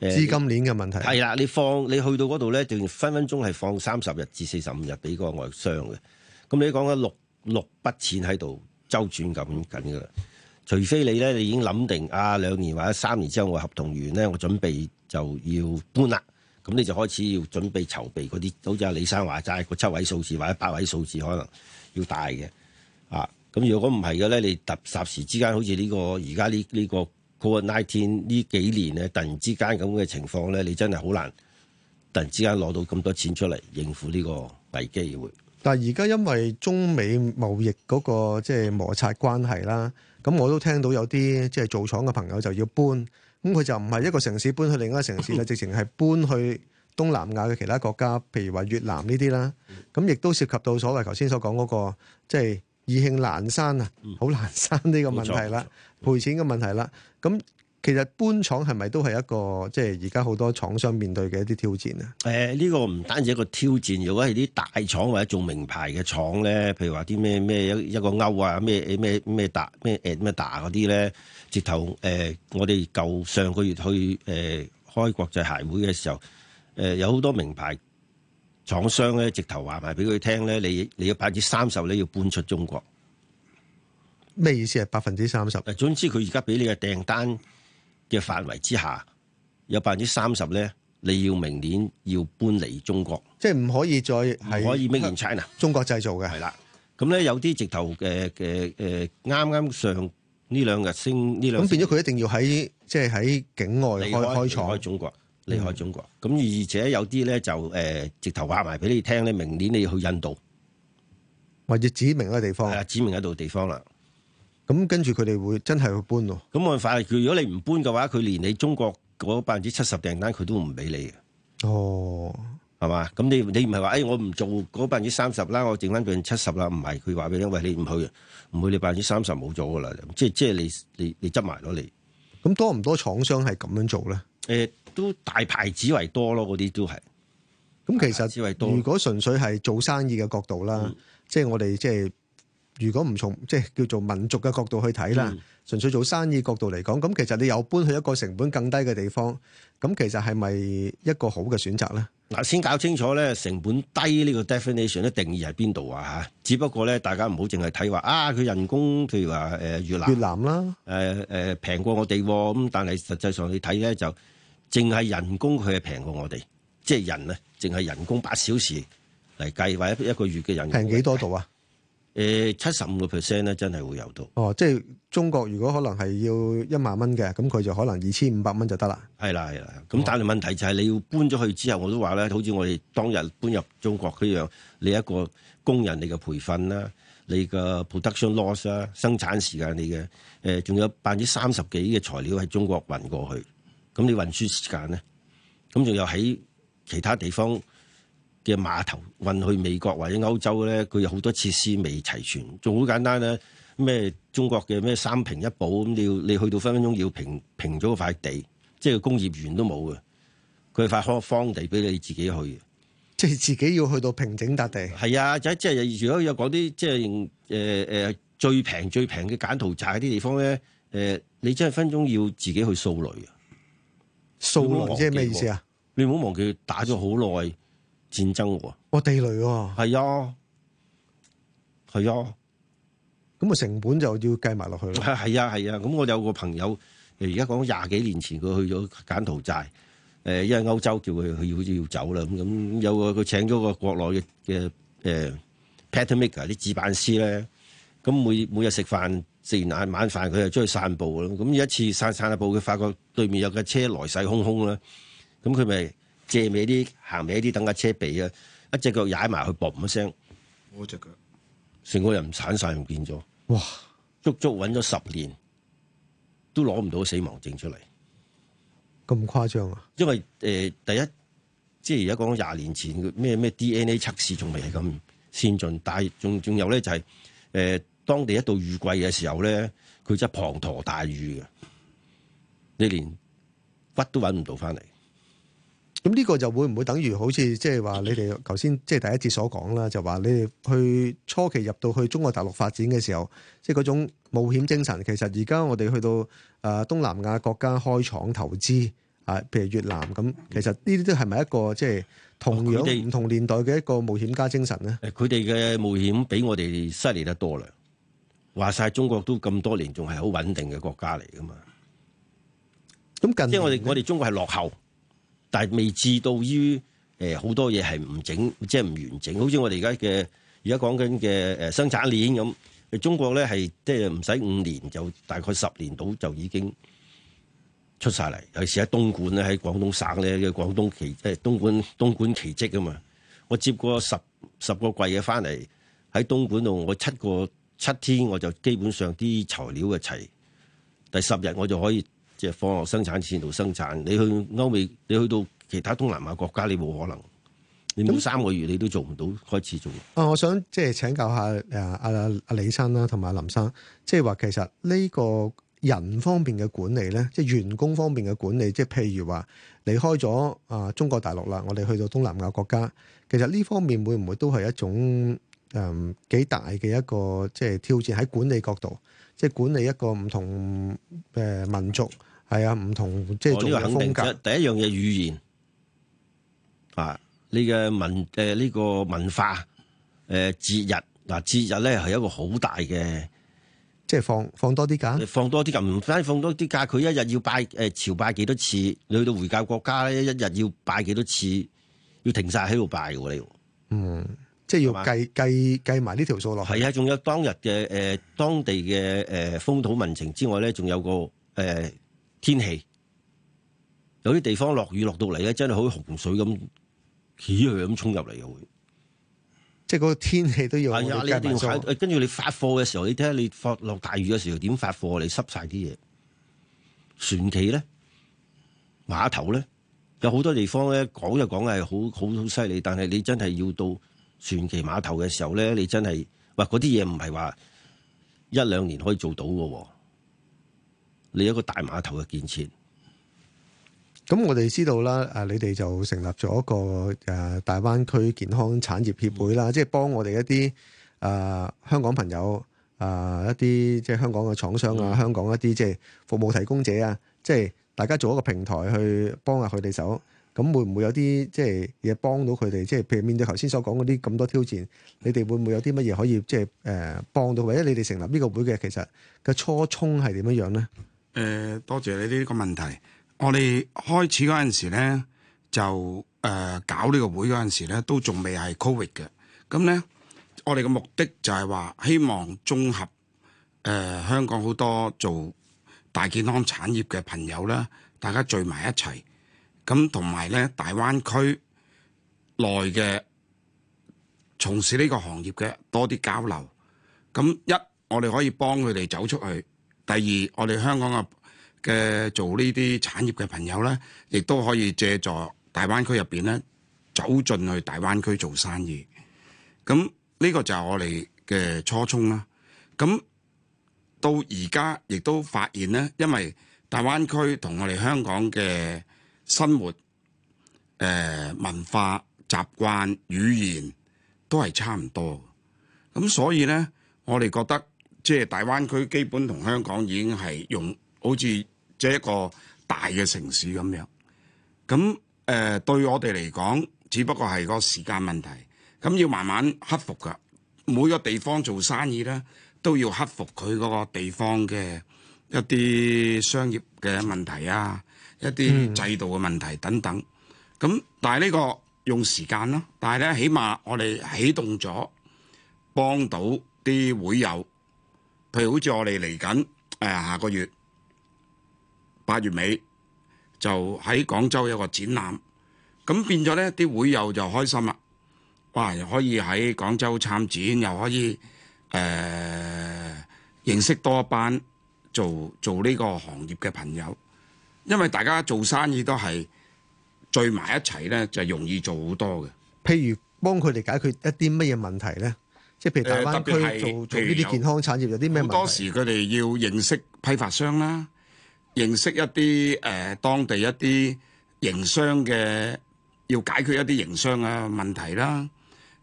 誒的，資金鏈嘅問題。係啦、嗯，你放你去到嗰度咧，就分分鐘係放三十日至四十五日俾個外商嘅。咁你講緊六六筆錢喺度周轉咁緊噶啦，除非你咧你已經諗定啊兩年或者三年之後我合同完咧，我準備就要搬啦。咁你就開始要準備籌備嗰啲，好似阿李生話齋，個七位數字或者八位數字，可能要大嘅。啊，咁如果唔係嘅咧，你特霎時之間，好似呢、這個而家呢呢個、這個、Coronavirus 呢幾年咧，突然之間咁嘅情況咧，你真係好難，突然之間攞到咁多錢出嚟應付呢個危機嘅。但係而家因為中美貿易嗰、嗰個即係摩擦關係啦，咁我都聽到有啲即係做廠嘅朋友就要搬。咁佢就唔係一個城市搬去另一個城市啦，直情係搬去東南亞嘅其他國家，譬如話越南呢啲啦，咁亦都涉及到所謂頭先所講嗰個即係易興難散啊，好難散呢個問題啦，賠錢嘅問題啦，咁。其實搬廠係咪都係一個，即係而家好多廠商面對嘅一啲挑戰啊？誒、呃、呢、這個唔單止一個挑戰，如果係啲大廠或者做名牌嘅廠咧，譬如話啲咩咩一一個歐啊，咩誒咩咩達咩 Adidas 嗰啲咧，直頭誒、呃、我哋舊上個月去誒、呃、開國際鞋會嘅時候，誒、呃、有好多名牌廠商咧，直頭話埋俾佢聽咧，你你要百分之三十咧要搬出中國，咩意思啊？百分之三十？誒，總之佢而家俾你嘅訂單。嘅範圍之下，有百分之三十咧，你要明年要搬嚟中國，即係唔可以再唔可以 make in China，中國製造嘅係啦。咁咧有啲直頭嘅嘅嘅，啱、呃、啱上呢兩日先，呢兩，咁變咗佢一定要喺即係喺境外開開廠，開中國，離開中國。咁、嗯、而且有啲咧就誒，直頭話埋俾你聽咧，明年你要去印度，或者指明一個地方，指明一度地方啦。咁跟住佢哋會真係去搬咯。咁反而，佢如果你唔搬嘅話，佢連你中國嗰百分之七十訂單佢都唔俾你嘅。哦，係嘛？咁你你唔係話誒，我唔做嗰百分之三十啦，我剩翻剩七十啦。唔係，佢話俾你，因為你唔去，唔去你百分之三十冇咗噶啦。即係即係你你你執埋咯你。咁多唔多廠商係咁樣做咧？誒、呃，都大牌子為多咯，嗰啲都係。咁其實，為多如果純粹係做生意嘅角度啦，嗯、即係我哋即係。如果唔從即係叫做民族嘅角度去睇啦，純、嗯、粹做生意角度嚟講，咁其實你又搬去一個成本更低嘅地方，咁其實係咪一個好嘅選擇咧？嗱，先搞清楚咧，成本低呢個 definition 咧，定義喺邊度啊？吓，只不過咧，大家唔好淨係睇話啊，佢人工譬如話誒、呃、越南，越南啦，誒誒平過我哋，咁但係實際上你睇咧就，淨係人工佢係平過我哋，即係人咧，淨係人工八小時嚟計或者一個月嘅人工平幾多度啊？誒七十五個 percent 咧，真係會有到。哦，即係中國如果可能係要一萬蚊嘅，咁佢就可能二千五百蚊就得啦。係啦，係啦。咁但係問題就係你要搬咗去之後，我都話咧，好似我哋當日搬入中國一樣，你一個工人你嘅培訓啦，你嘅 production loss 啦，生產時間你嘅，誒仲有百分之三十幾嘅材料喺中國運過去，咁你運輸時間咧，咁仲有喺其他地方嘅碼頭運去美國或者歐洲咧，佢有好多設施未齊全。仲好簡單咧，咩中國嘅咩三平一保咁，你要你去到分分鐘要平平咗塊地，即係工業園都冇嘅，佢係塊開荒,荒地俾你自己去。即係自己要去到平整笪地係啊，即係即係。如果有講啲即係誒誒最平最平嘅柬埔寨啲地方咧，誒、呃、你真係分分鐘要自己去掃雷啊！掃雷即係咩意思啊？你唔好忘記打咗好耐。戰爭喎，哦地雷喎，係啊，係啊，咁、嗯、啊成本就要計埋落去啦。係啊係啊，咁、啊、我有個朋友，而家講廿幾年前佢去咗柬埔寨，誒因為歐洲叫佢要要走啦，咁咁有個佢請咗個國內嘅嘅誒 pattern maker 啲紙板師咧，咁每每日食飯食完晚晚飯佢就出去散步啦，咁有一次散散下步佢發覺對面有架車來勢洶洶啦，咁佢咪？借尾啲，行尾啲，等架車俾啊！一隻腳踩埋去，嘣一聲，我隻腳，成個人唔鏟晒唔見咗。哇！足足揾咗十年，都攞唔到死亡證出嚟，咁誇張啊！因為誒、呃，第一，即係而家講廿年前，咩咩 DNA 測試仲未係咁先進，但係仲仲有咧，就係、是、誒、呃，當地一度雨季嘅時候咧，佢真係滂沱大雨嘅，你連骨都揾唔到翻嚟。咁呢個就會唔會等於好似即係話你哋頭先即係第一節所講啦，就話你哋去初期入到去中國大陸發展嘅時候，即係嗰種冒險精神。其實而家我哋去到誒東南亞國家，開廠投資啊，譬如越南咁，其實呢啲都係咪一個即係同樣唔同年代嘅一個冒險家精神咧？誒，佢哋嘅冒險比我哋犀利得多啦！話晒中國都咁多年，仲係好穩定嘅國家嚟噶嘛？咁近即係我哋我哋中國係落後。但係未至到於誒好多嘢係唔整，即係唔完整。好似我哋而家嘅而家講緊嘅誒生產鏈咁，中國咧係即係唔使五年就大概十年到就已經出晒嚟。尤其是喺東莞咧，喺廣東省咧嘅廣東奇即係東莞,東莞,東,莞,東,莞東莞奇蹟啊嘛！我接過十十個櫃嘢翻嚟喺東莞度，我七個七天我就基本上啲材料嘅齊第十日我就可以。即係放落生產線度生產，你去歐美，你去到其他東南亞國家，你冇可能，你冇三個月你都做唔到，開始做。啊、嗯，我想即係請教下誒阿阿李生啦，同埋林生，即係話其實呢個人方面嘅管理咧，即係員工方面嘅管理，即係譬如話離開咗啊中國大陸啦，我哋去到東南亞國家，其實呢方面會唔會都係一種誒幾大嘅一個即係挑戰喺管理角度？即係管理一個唔同誒民族係啊，唔同即係宗教風格。哦，這個肯定，第一樣嘢語言啊，你嘅文誒呢、呃，這個文化誒節、呃、日嗱節日咧係一個好大嘅，即係放放多啲假，放多啲假，唔使放多啲假，佢、啊、一日要拜誒朝拜幾多次？你去到回教國家咧，一日要拜幾多次？要停晒喺度拜嘅喎，你嗯。即係要計計計埋呢條數落係啊，仲吧有當日嘅誒、呃，當地嘅誒、呃、風土民情之外咧，仲有個誒、呃、天氣。有啲地方落雨落到嚟咧，真係好似洪水咁起去咁衝入嚟嘅會。即係嗰個天氣都要係啊，你一定要跟住你發貨嘅時候，你睇下你放落大雨嘅時候點發貨，你濕晒啲嘢。船期咧，碼頭咧，有好多地方咧講就講係好好好犀利，但係你真係要到。傳奇碼頭嘅時候咧，你真係，哇！嗰啲嘢唔係話一兩年可以做到嘅，你一個大碼頭嘅建設。咁我哋知道啦，誒，你哋就成立咗一個誒大灣區健康產業協會啦，即係幫我哋一啲誒、呃、香港朋友，誒、呃、一啲即係香港嘅廠商啊，嗯、香港一啲即係服務提供者啊，即、就、係、是、大家做一個平台去幫下佢哋手。咁會唔會有啲即係嘢幫到佢哋？即係譬如面對頭先所講嗰啲咁多挑戰，你哋會唔會有啲乜嘢可以即係誒幫到？或者你哋成立呢個會嘅其實嘅初衷係點樣樣咧？誒、呃，多謝你呢個問題。我哋開始嗰陣時咧，就誒、呃、搞呢個會嗰陣時咧，都仲未係 Covid 嘅。咁咧，我哋嘅目的就係話希望綜合誒、呃、香港好多做大健康產業嘅朋友啦，大家聚埋一齊。咁同埋咧，大灣區內嘅從事呢個行業嘅多啲交流。咁一，我哋可以幫佢哋走出去，第二，我哋香港嘅嘅做呢啲產業嘅朋友咧，亦都可以借助大灣區入邊咧，走進去大灣區做生意。咁呢個就係我哋嘅初衷啦。咁到而家亦都發現咧，因為大灣區同我哋香港嘅。生活、誒文化、習慣、語言都係差唔多，咁所以呢，我哋覺得即係大灣區基本同香港已經係用好似即係一個大嘅城市咁樣。咁誒對我哋嚟講，只不過係個時間問題，咁要慢慢克服㗎。每個地方做生意呢，都要克服佢嗰個地方嘅一啲商業嘅問題啊。一啲制度嘅問題等等，咁但係呢、呢個用時間啦，但係咧，起碼我哋啟動咗，幫到啲會友。譬如好似我哋嚟緊誒下個月八月尾就喺廣州有個展覽，咁變咗咧，啲會友就開心啦。哇！又可以喺廣州參展，又可以誒、呃、認識多一班做做呢個行業嘅朋友。因為大家做生意都係聚埋一齊咧，就容易做好多嘅。譬如幫佢哋解決一啲乜嘢問題咧，即係譬如大灣區做做呢啲健康產業有啲咩問題？當時佢哋要認識批發商啦，認識一啲誒當地一啲營商嘅，要解決一啲營商嘅問題啦。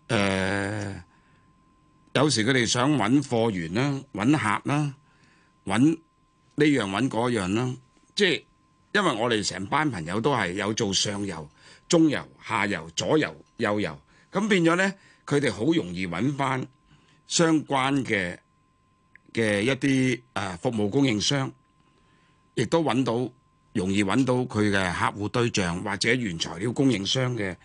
誒，有時佢哋想揾貨源啦，揾客啦，揾呢樣揾嗰樣啦，即係。因為我哋成班朋友都係有做上游、中游、下游、左游、右游，咁變咗呢，佢哋好容易揾返相關嘅嘅一啲誒服務供應商，亦都揾到容易揾到佢嘅客戶對象或者原材料供應商嘅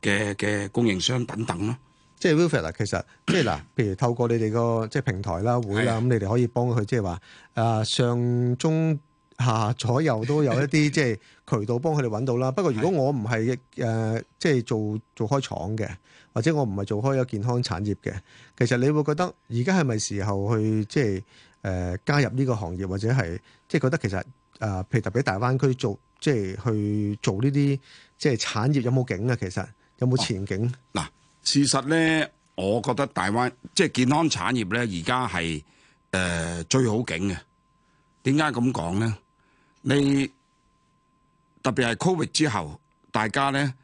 嘅嘅供應商等等咯。即係 Wilfred 啊，其實即係嗱，譬如透過你哋個即係平台啦、會啦，咁你哋可以幫佢即係話誒上中。吓左右都有一啲即係渠道幫佢哋揾到啦。 [LAUGHS] 不過如果我唔係誒即係做做開廠嘅，或者我唔係做開一個健康產業嘅，其實你會覺得而家係咪時候去即係誒加入呢個行業，或者係即係覺得其實誒，呃、譬如特別喺大灣區做即係、就是、去做呢啲即係產業有冇景啊？其實有冇前景？嗱、啊，事實咧，我覺得大灣即係健康產業咧，而家係誒最好景嘅。點解咁講咧？你特別係 COVID 之後，大家呢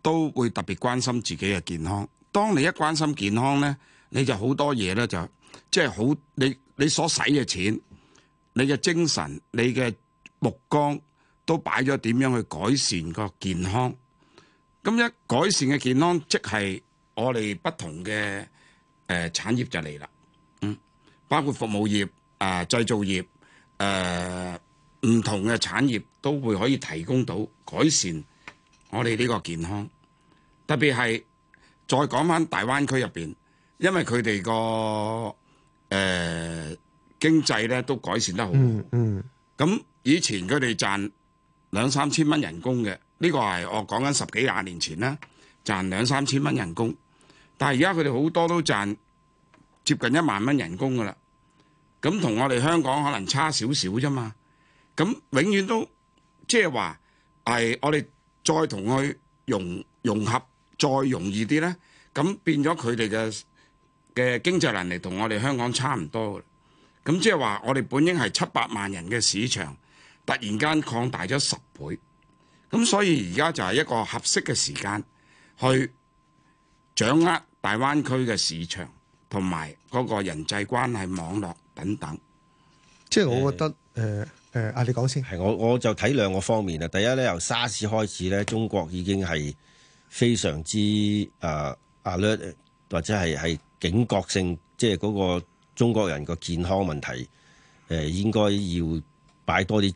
都會特別關心自己嘅健康。當你一關心健康呢，你就好多嘢呢，就即係好你你所使嘅錢、你嘅精神、你嘅目光都擺咗點樣去改善個健康。咁一改善嘅健康，即係我哋不同嘅誒產業就嚟啦，嗯，包括服務業、啊製造業、誒。唔同嘅產業都會可以提供到改善我哋呢個健康，特別係再講返大灣區入邊，因為佢哋個誒經濟咧都改善得好嗯。嗯，咁以前佢哋賺兩三千蚊人工嘅，呢個係我講緊十幾廿年前啦，賺兩三千蚊人工，但係而家佢哋好多都賺接近一萬蚊人工噶啦，咁同我哋香港可能差少少啫嘛。咁永遠都即係話係我哋再同佢融融合再容易啲呢。咁變咗佢哋嘅嘅經濟能力同我哋香港差唔多，咁即係話我哋本應係七百萬人嘅市場，突然間擴大咗十倍，咁所以而家就係一個合適嘅時間去掌握大灣區嘅市場同埋嗰個人際關係網絡等等，即係我覺得誒。嗯誒，阿、uh, 你講先係我，我就睇兩個方面啊。第一咧，由 SARS 開始咧，中國已經係非常之誒 alert 或者係係警覺性，即係嗰個中國人嘅健康問題誒、呃，應該要擺多啲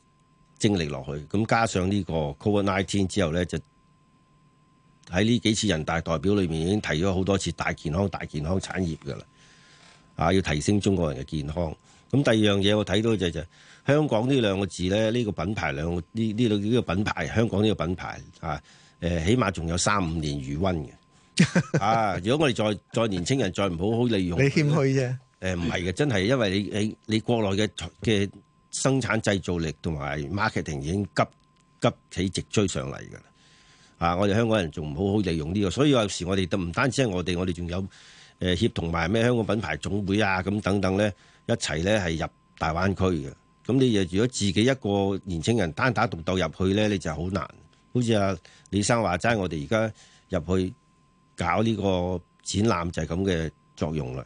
精力落去。咁加上呢個 COVID-19 之後咧，就喺呢幾次人大代表裏面已經提咗好多次大健康、大健康產業」噶啦啊，要提升中國人嘅健康。咁第二樣嘢我睇到就就是。香港呢兩個字咧，呢、呢個品牌兩呢呢度呢個品牌，香港呢個品牌啊，誒起碼仲有三五年餘溫嘅 [LAUGHS] 啊！如果我哋再再年青人再唔好好利用，你謙虛啫。誒唔係嘅，真係因為你你你國內嘅嘅生產製造力同埋 marketing 已經急急起直追上嚟㗎啦。啊！我哋香港人仲唔好好利用呢、呢個？所以有時我哋都唔單止係我哋，我哋仲有誒協、欸、同埋咩香港品牌總會啊咁等等咧，一齊咧係入大灣區嘅。咁你若如果自己一個年青人單打獨鬥入去咧，你就好難。好似阿李生話齋，我哋而家入去搞呢個展覽就係咁嘅作用啦。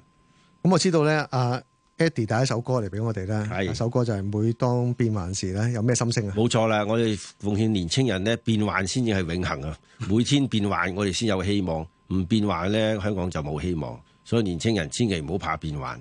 咁、嗯、我知道咧，阿、啊、Eddie 帶一首歌嚟俾我哋咧，應首歌就係、是、每當變幻時咧，有咩心聲啊？冇錯啦，我哋奉勸年青人咧變幻先至係永恆啊！每天變幻，我哋先有希望；唔 [LAUGHS] 變幻咧，香港就冇希望。所以年青人千祈唔好怕變幻。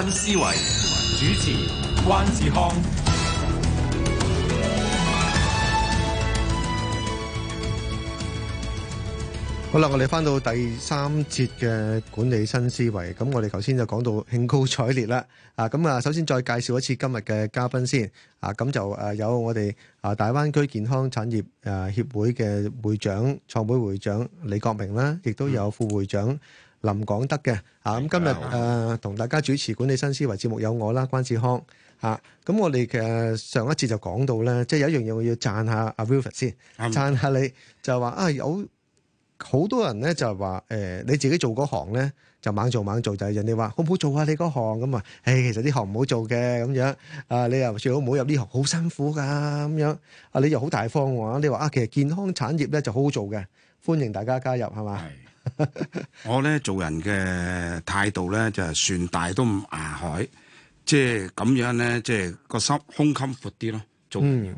新思維主持關志康，好啦，我哋翻到第三節嘅管理新思維，咁我哋頭先就講到興高采烈啦。啊，咁啊，首先再介紹一次今日嘅嘉賓先。啊，咁就誒有我哋啊大灣區健康產業誒協會嘅會長、創會會長李國明啦，亦都有副會長。林廣德嘅啊，咁今日誒同大家主持《管理新思維》節目有我啦，關志康啊，咁我哋嘅上一節就講到咧，即係有一樣嘢我要讚下阿 Wilfred 先，讚下你就係話啊有好多人咧就係話誒你自己做嗰行咧就猛做猛做，就係人哋話好唔好做啊？你嗰行咁啊？誒，其實呢行唔好做嘅咁樣啊，你又最好唔好入呢行，好辛苦噶咁樣啊！你又好大方喎，你話啊，其實健康產業咧就好好做嘅，歡迎大家加入係嘛。 [LAUGHS] 我咧做人嘅態度咧就係船大都唔牙海，即係咁樣咧，即係個心胸襟闊啲咯。做、嗯、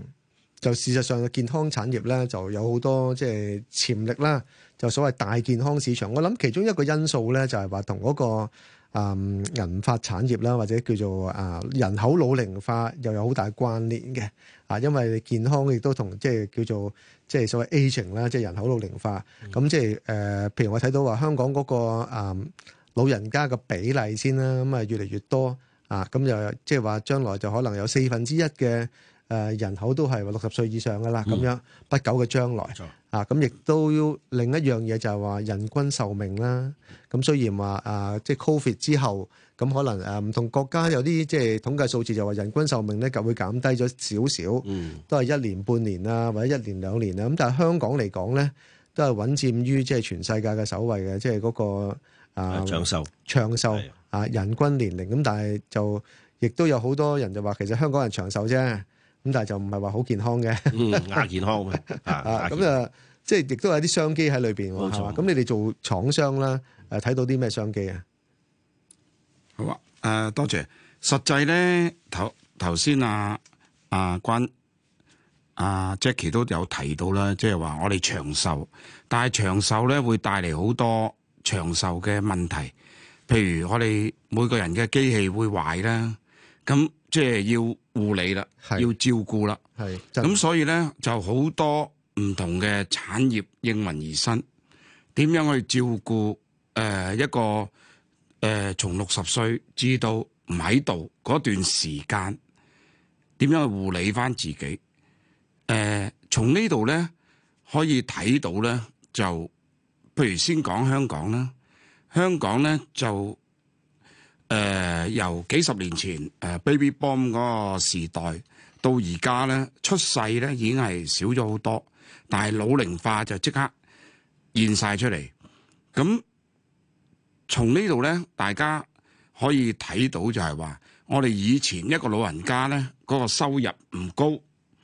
就事實上嘅健康產業咧就有好多即係潛力啦，就所謂大健康市場。我諗其中一個因素咧就係話同嗰個。誒銀髮產業啦，或者叫做誒、呃、人口老齡化又有好大關聯嘅，啊，因為健康亦都同即係叫做即係所謂 aging 啦，即係人口老齡化，咁即係誒，譬如我睇到話香港嗰、那個、呃、老人家嘅比例先啦，咁、嗯、啊越嚟越多，啊，咁、嗯、又即係話將來就可能有四分之一嘅。誒人口都係六十歲以上噶啦，咁樣不久嘅將來啊，咁亦都另一樣嘢就係話人均壽命啦。咁雖然話啊，即係 Covid 之後，咁可能誒唔同國家有啲即係統計數字就話人均壽命咧，就會減低咗少少，嗯，都係一年半年啊，或者一年兩年啦。咁但係香港嚟講咧，都係穩佔於即係全世界嘅首位嘅，即係嗰個啊長壽長壽啊人均年齡。咁但係就亦都有好多人就話，其實香港人長壽啫。咁但係就唔係話好健康嘅、 [LAUGHS] 嗯、亞、啊、健康嘅。咁啊，即係亦都有啲商機喺裏邊，冇錯，咁你哋做廠商啦，誒，睇到啲咩商機啊？好啊，誒，多謝。實際咧，頭頭先啊啊關啊 Jackie 都有提到啦，即係話我哋長壽，但係長壽咧會帶嚟好多長壽嘅問題，譬如我哋每個人嘅機器會壞啦。咁即係要護理啦，要照顧啦。咁所以咧就好多唔同嘅產業應運而生。點樣去照顧誒一個誒從六十歲至到唔喺度嗰段時間，點樣去護理翻自己？誒，從呢度咧可以睇到咧，就譬如先講香港啦，香港咧就。誒，由幾十年前誒 Baby Boom 嗰個時代到而家咧，出世咧已經係少咗好多，但係老齡化就即刻現晒出嚟。咁從呢度咧，大家可以睇到就係話，我哋以前一個老人家咧，嗰個收入唔高，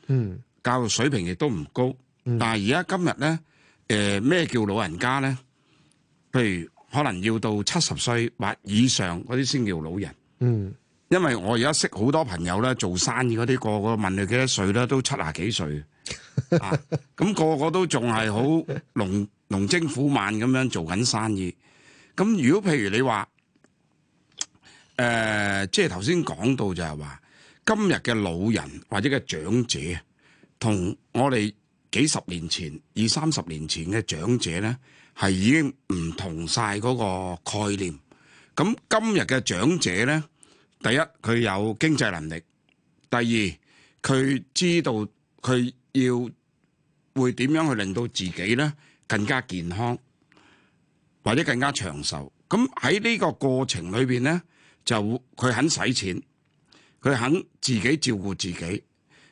嗯，教育水平亦都唔高，但係而家今日咧，誒咩叫老人家咧？譬如可能要到七十歲或以上嗰啲先叫老人。嗯，因為我而家識好多朋友咧，做生意嗰啲，個個問你幾多歲咧，都七廿幾歲。咁、 [LAUGHS] 啊、個個都仲係好龍龍精虎猛咁樣做緊生意。咁如果譬如你話，誒、呃，即係頭先講到就係話，今日嘅老人或者嘅長者，同我哋幾十年前，二三十年前嘅長者咧。係已經唔同晒嗰個概念。咁今日嘅長者呢，第一佢有經濟能力，第二佢知道佢要會點樣去令到自己呢，更加健康，或者更加長壽。咁喺呢個過程裏邊呢，就佢肯使錢，佢肯自己照顧自己，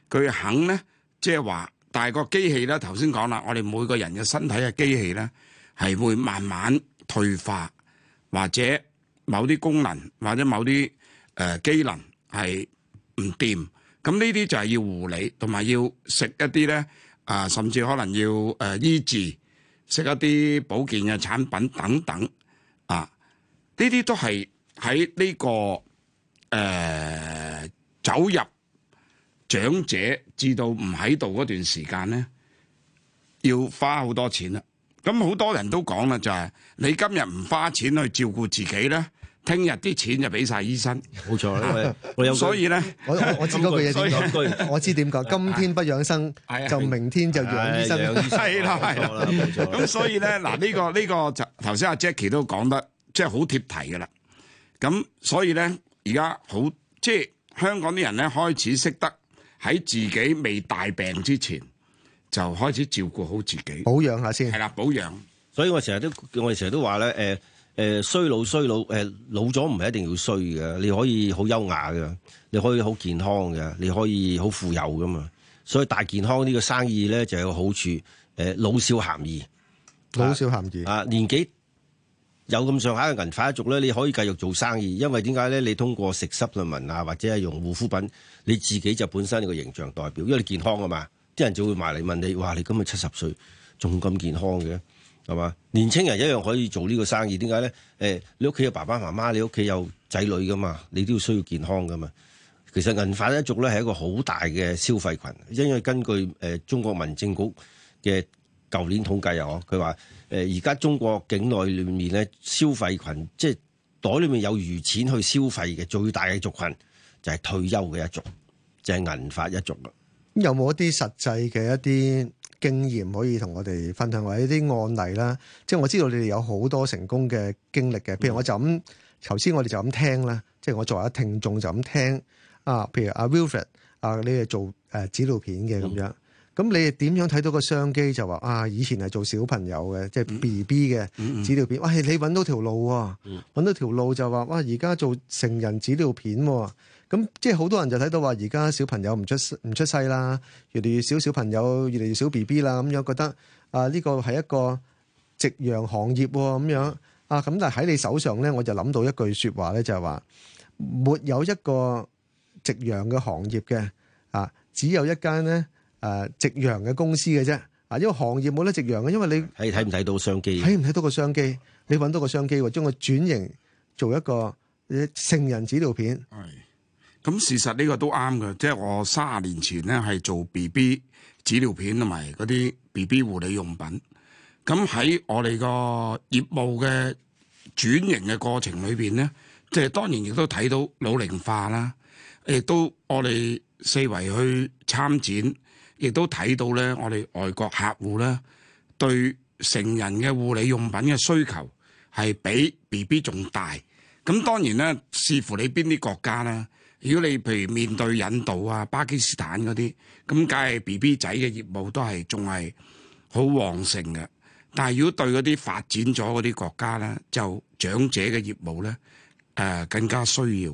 佢肯呢，即係話，但係個機器咧，頭先講啦，我哋每個人嘅身體嘅機器咧，係會慢慢退化，或者某啲功能或者某啲誒、呃、機能係唔掂，咁呢啲就係要護理，同埋要食一啲咧啊，甚至可能要誒、呃、醫治，食一啲保健嘅產品等等啊，呢啲都係喺呢個誒、呃、走入長者至到唔喺度嗰段時間咧，要花好多錢啦。咁好多人都講啦，就係你今日唔花錢去照顧自己咧，聽日啲錢就俾晒醫生。冇錯啦，我有個，所以咧，我我知嗰句嘢點講，我知點講，今天不養生，哎、呀就明天就養醫生。係、哎、 [LAUGHS] 啦，係 [LAUGHS] 啦。咁 [LAUGHS] 所以咧，嗱呢、這個呢、這個就頭、這、先、個、阿 Jackie 都講得即係好貼題嘅啦。咁所以咧，而家好即係香港啲人咧開始識得喺自己未大病之前，就開始照顧好自己，保養下先係啦。保養，所以我成日都我哋成日都話咧，誒誒衰老、衰老，誒老咗唔係一定要衰嘅，你可以好優雅嘅，你可以好健康嘅，你可以好富有噶嘛。所以大健康呢個生意咧就有個好處，誒老少咸宜，老少咸宜啊。年紀有咁上下嘅銀髮一族咧，你可以繼續做生意，因為點解咧？你通過食濕論文啊，或者係用護膚品，你自己就本身呢個形象代表，因為你健康啊嘛。啲人就會埋嚟問你，哇！你今日七十歲，仲咁健康嘅，係嘛？年青人一樣可以做呢個生意，點解咧？誒，你屋企有爸爸媽媽，你屋企有仔女噶嘛？你都要需要健康噶嘛？其實銀髮一族咧係一個好大嘅消費群，因為根據誒中國民政局嘅舊年統計啊，佢話誒而家中國境內裏面咧消費群，即係袋裏面有餘錢去消費嘅最大嘅族群，就係退休嘅一族，就係銀髮一族啊！咁有冇一啲實際嘅一啲經驗可以同我哋分享，或者一啲案例啦？即係我知道你哋有好多成功嘅經歷嘅。譬如我就咁頭先，我哋就咁聽啦。即係我作為一聽眾就咁聽啊。譬如阿 Wilfred，啊，ford，啊你係做誒紙尿片嘅咁、嗯、樣。咁你哋點樣睇到個商機就？就話啊，以前係做小朋友嘅，即係 BB 嘅紙尿片。哇，你揾到條路喎、啊，揾到條路就話哇，而家做成人紙尿片喎、啊。咁即係好多人就睇到話，而家小朋友唔出唔出世啦，越嚟越少小朋友，越嚟越少 BB 啦，咁樣覺得啊，呢個係一個夕陽行業咁樣啊。咁但係喺你手上咧，我就諗到一句說話咧，就係話沒有一個夕陽嘅行業嘅啊，只有一間咧誒夕陽嘅公司嘅啫啊。因為行業冇得夕陽嘅，因為你睇睇唔睇到商機，睇唔睇到個商機，你揾到個商機，將佢轉型做一個成人紙尿片係。咁事實，呢個都啱嘅，即係我卅年前呢，係做 B B 紙尿片同埋嗰啲 B B 護理用品。咁喺我哋個業務嘅轉型嘅過程裏邊呢，即係當然亦都睇到老齡化啦。亦都我哋四圍去參展，亦都睇到呢，我哋外國客戶呢對成人嘅護理用品嘅需求係比 B B 仲大。咁當然呢，視乎你邊啲國家呢。如果你譬如面對印度啊、巴基斯坦嗰啲，咁梗係 BB 仔嘅業務都係仲係好旺盛嘅。但係如果對嗰啲發展咗嗰啲國家咧，就長者嘅業務咧，誒、呃、更加需要。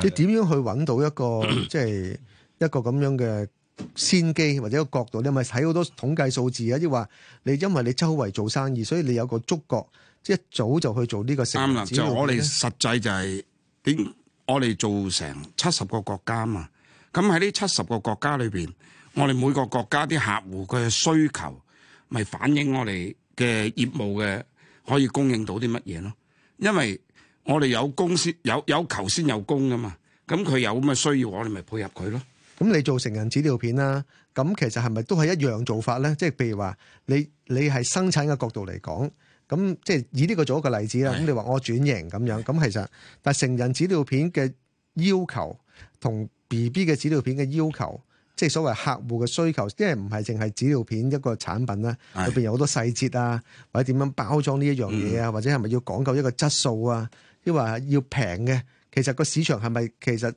即係點樣去揾到一個即係、就是、一個咁樣嘅先機或者個角度你咪睇好多統計數字啊！即係話你因為你周圍做生意，所以你有個觸角，即、就、係、是、一早就去做呢個生意。啱啦，就我哋實際就係、是、點？我哋做成七十個國家嘛，咁喺呢七十個國家裏邊，我哋每個國家啲客戶嘅需求，咪反映我哋嘅業務嘅可以供應到啲乜嘢咯？因為我哋有供先有，有求先有供噶嘛，咁佢有咁嘅需要，我哋咪配合佢咯。咁你做成人紙尿片啦，咁其實係咪都係一樣做法咧？即係譬如話，你你係生產嘅角度嚟講。咁即係以呢個做一個例子啦。咁你話我轉型咁樣，咁其實但係成人紙尿片嘅要求同 BB 嘅紙尿片嘅要求，即係所謂客戶嘅需求，因為唔係淨係紙尿片一個產品啦，裏邊有好多細節啊，或者點樣包裝呢一樣嘢啊，或者係咪要講究一個質素啊，亦或係要平嘅，其實個市場係咪其實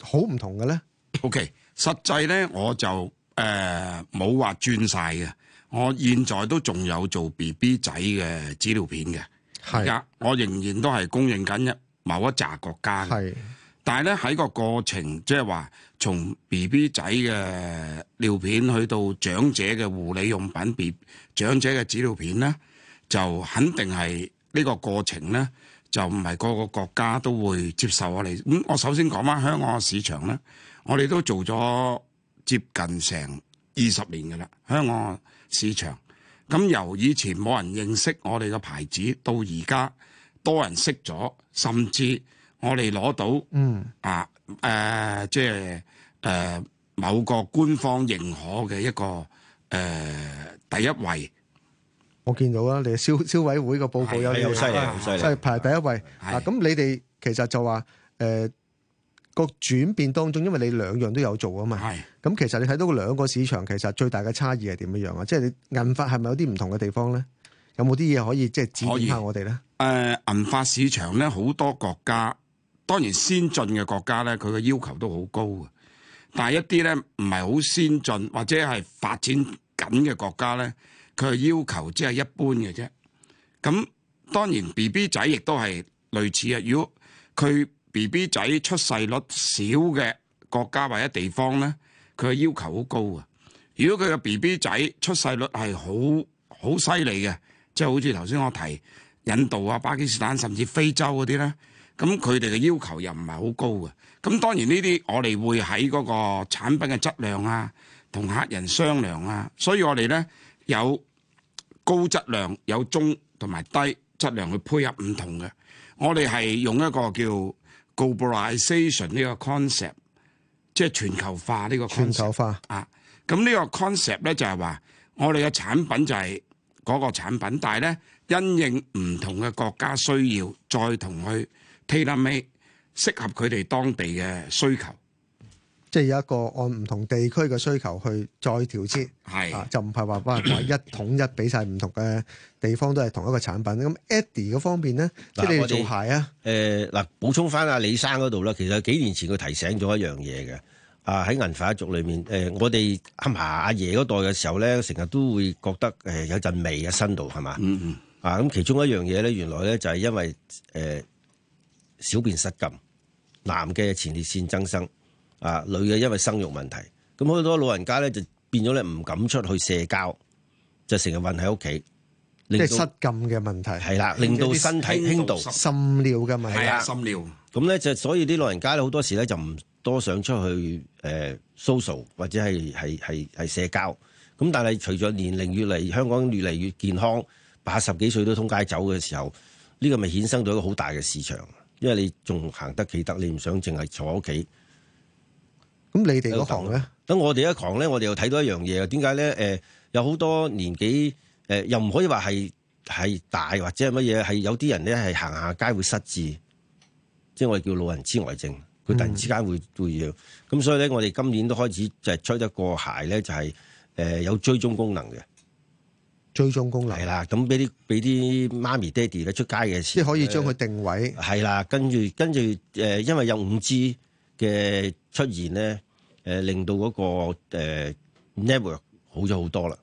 好唔同嘅咧？OK，實際咧我就誒冇話轉晒嘅。我現在都仲有做 B B 仔嘅紙尿片嘅，係啊是，我仍然都係供應緊一某一紮國家。係是，但係咧喺個過程，即係話從 B B 仔嘅尿片去到長者嘅護理用品，B 長者嘅紙尿片咧，就肯定係呢個過程咧，就唔係個個國家都會接受我哋咁、嗯。我首先講返香港市場咧，我哋都做咗接近成二十年嘅啦，香港。市場咁，由以前冇人認識我哋嘅牌子，到而家多人識咗，甚至我哋攞到嗯啊誒、呃，即係誒、呃、某個官方認可嘅一個誒、呃、第一位，我見到啦，你消消委會嘅報告有呢個，即係排第一位。的啊，咁你哋其實就話誒。呃個轉變當中，因為你兩樣都有做啊嘛，咁是其實你睇到個兩個市場其實最大嘅差異係點樣樣啊？即係你銀髮係咪有啲唔同嘅地方咧？有冇啲嘢可以即係指引下我哋咧？誒，銀髮市場咧，好多國家，當然先進嘅國家咧，佢嘅要求都好高啊。但係一啲咧唔係好先進或者係發展緊嘅國家咧，佢係要求只係一般嘅啫。咁當然 B B 仔亦都係類似啊。如果佢 B B 仔出世率少嘅國家或者地方呢，佢嘅要求好高啊。如果佢嘅 B B 仔出世率係好好犀利嘅，即係好似頭先我提印度啊、巴基斯坦甚至非洲嗰啲咧，咁佢哋嘅要求又唔係好高嘅。咁當然呢啲我哋會喺嗰個產品嘅質量啊，同客人商量啊，所以我哋呢，有高質量有中同埋低質量去配合唔同嘅。我哋係用一個叫 globalization 呢個 concept，即係全球化呢個 concept 啊，咁呢個 concept 咧就係話我哋嘅產品就係嗰個產品，但係咧因應唔同嘅國家需要，再同佢 tailor-made 適合佢哋當地嘅需求。即係有一個按唔同地區嘅需求去再調節，係是的、啊、就唔係話話一統一俾晒唔同嘅地方都係同一個產品。咁 Eddie 嘅方面咧，即係你做鞋啊？誒嗱、呃，補充翻阿李生嗰度啦。其實幾年前佢提醒咗一樣嘢嘅啊，喺銀髮一族裏面誒，我哋阿嫲阿爺嗰代嘅時候咧，成日都會覺得誒有陣味喺身度係嘛？嗯嗯啊咁，其中一樣嘢咧，原來咧就係因為誒、呃、小便失禁，男嘅前列腺增生。啊，女嘅因為生育問題，咁好多老人家咧就變咗咧唔敢出去社交，就成日韞喺屋企，即係失禁嘅問題。係啦，令到身體輕度滲尿嘅嘛。係啦，滲尿。咁咧就所以啲老人家咧好多時咧就唔多想出去誒 social 或者係係係係社交。咁但係隨著年齡越嚟香港越嚟越健康，八十幾歲都通街走嘅時候，呢個咪衍生到一個好大嘅市場。因為你仲行得企得，你唔想淨係坐喺屋企。咁你哋嗰行咧？等我哋一行咧，我哋又睇到一樣嘢啊！點解咧？誒、呃，有好多年紀誒、呃，又唔可以話係係大或者乜嘢，係有啲人咧係行下街會失智，即係我哋叫老人痴呆症，佢突然之間會、嗯、會要。咁所以咧，我哋今年都開始就係出得個鞋咧，就係、是、誒、呃、有追蹤功能嘅追蹤功能。係啦，咁俾啲俾啲媽咪爹哋咧出街嘅時即係可以將佢定位。係啦、呃，跟住跟住誒，因為有五 G 嘅出現咧。誒令到嗰、那個、呃、network 好咗好多啦，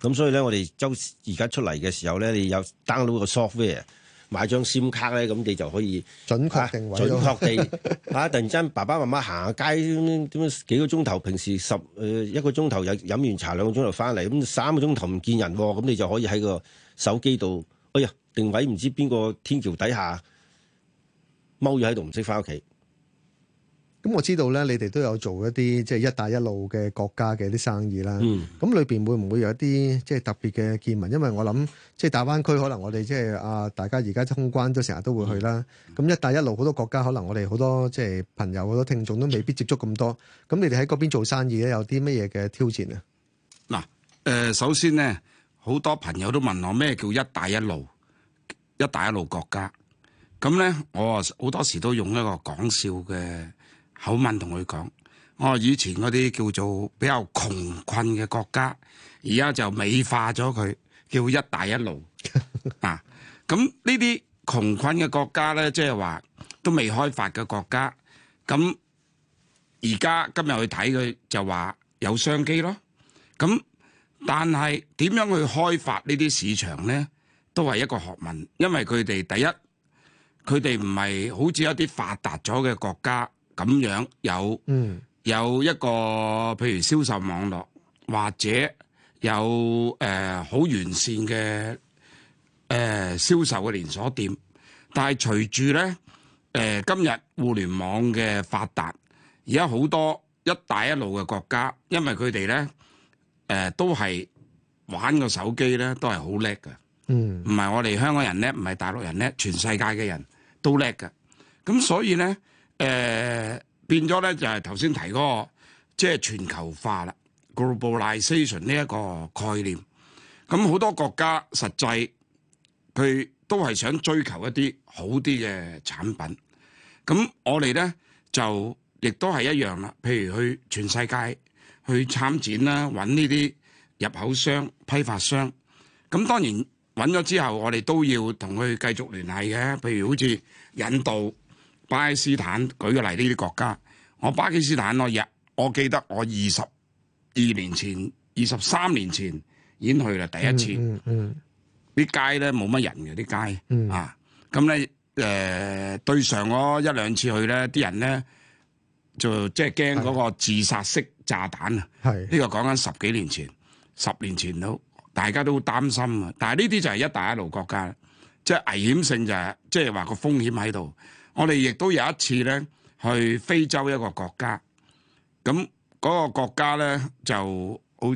咁所以咧，我哋周而家出嚟嘅時候咧，你有 download 個 software，買張 SIM 卡咧，咁你就可以準確定位、啊，準確地嚇、 [LAUGHS] 啊。突然間，爸爸媽媽行下街，點、嗯、樣幾個鐘頭？平時十誒、呃、一個鐘頭，又飲完茶兩個鐘頭翻嚟，咁、嗯、三個鐘頭唔見人，咁你就可以喺個手機度，哎呀，定位唔知邊個天橋底下踎住喺度，唔識翻屋企。咁我知道咧，你哋都有做一啲即係一帶一路嘅國家嘅啲生意啦。嗯。咁裏邊會唔會有一啲即係特別嘅見聞？因為我諗即係大灣區，可能我哋即係啊，大家而家通關都成日都會去啦。咁一帶一路好多國家，可能我哋好多即係朋友好多聽眾都未必接觸咁多。咁你哋喺嗰邊做生意咧，有啲乜嘢嘅挑戰啊？嗱，誒，首先咧，好多朋友都問我咩叫一帶一路，一帶一路國家咁咧。我好多時都用一個講笑嘅口吻同佢講：我、哦、以前嗰啲叫做比較窮困嘅國家，而家就美化咗佢叫“一帶一路” [LAUGHS] 啊。咁呢啲窮困嘅國家咧，即係話都未開發嘅國家。咁而家今日去睇佢就話有商機咯。咁但係點樣去開發呢啲市場咧，都係一個學問，因為佢哋第一，佢哋唔係好似一啲發達咗嘅國家。咁樣有有一個，譬如銷售網絡，或者有誒好完善嘅誒銷售嘅連鎖店。但係隨住咧，誒今日互聯網嘅發達，而家好多一帶一路嘅國家，因為佢哋咧誒都係玩個手機咧，都係好叻嘅。嗯，唔係我哋香港人咧，唔係大陸人咧，全世界嘅人都叻嘅。咁所以咧。誒、呃、變咗咧，就係頭先提嗰個即係全球化啦 globalization 呢一個概念。咁、嗯、好多國家實際佢都係想追求一啲好啲嘅產品。咁、嗯、我哋咧就亦都係一樣啦。譬如去全世界去參展啦，揾呢啲入口商、批發商。咁、嗯、當然揾咗之後，我哋都要同佢繼續聯繫嘅。譬如好似引導。巴基斯坦舉個例呢啲國家，我巴基斯坦我日，我記得我二十二年前、二十三年前，已經去啦第一次，啲街咧冇乜人嘅啲街啊，咁咧誒對上嗰一兩次去咧，啲人咧就即係驚嗰個自殺式炸彈啊，呢個講緊十幾年前、十年前都大家都好擔心嘅，但係呢啲就係一帶一路國家，即係危險性就係即係話個風險喺度。我哋亦都有一次咧，去非洲一個國家，咁嗰個國家咧就好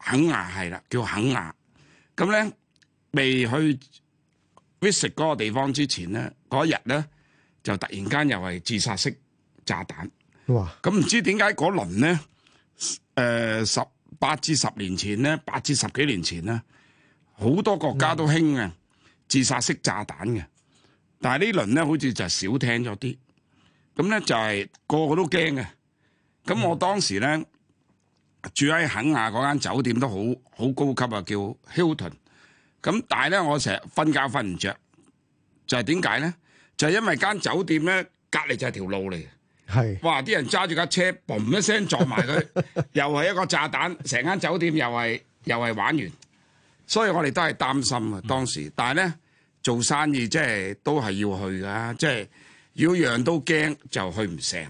肯亞係啦，叫肯亞。咁咧未去 visit 嗰個地方之前咧，嗰日咧就突然間又係自殺式炸彈。哇！咁唔知點解嗰輪咧，誒十八至十年前咧，八至十幾年前咧，好多國家都興呀自殺式炸彈嘅。但係呢輪咧，好似就少聽咗啲，咁咧就係個個都驚嘅。咁我當時咧住喺肯亞嗰間酒店都好好高級啊，叫 Hilton。咁但係咧，我成日瞓覺瞓唔著，就係點解咧？就係因為間酒店咧隔離就係條路嚟嘅。係哇！啲人揸住架車，嘣一聲撞埋佢，又係一個炸彈，成間酒店又係又係玩完。所以我哋都係擔心啊當時。但係咧。做生意即係都係要去㗎，即係如果樣樣都驚就去唔成。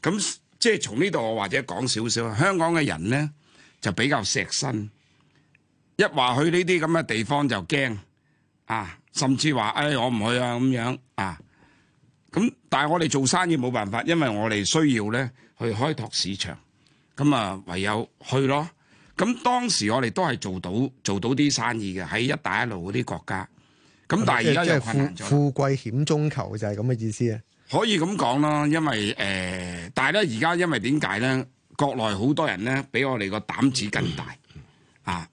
咁即係從呢度，我或者講少少香港嘅人呢，就比較錫身，一話去呢啲咁嘅地方就驚啊，甚至話誒、哎、我唔去啊咁樣啊。咁但係我哋做生意冇辦法，因為我哋需要呢去開拓市場。咁啊，唯有去咯。咁當時我哋都係做到做到啲生意嘅喺一帶一路嗰啲國家。咁但係而家就困難咗。富貴險中求就係咁嘅意思啊！可以咁講啦，因為誒、呃，但係咧而家因為點解咧？國內好多人咧，比我哋個膽子更大、嗯、啊！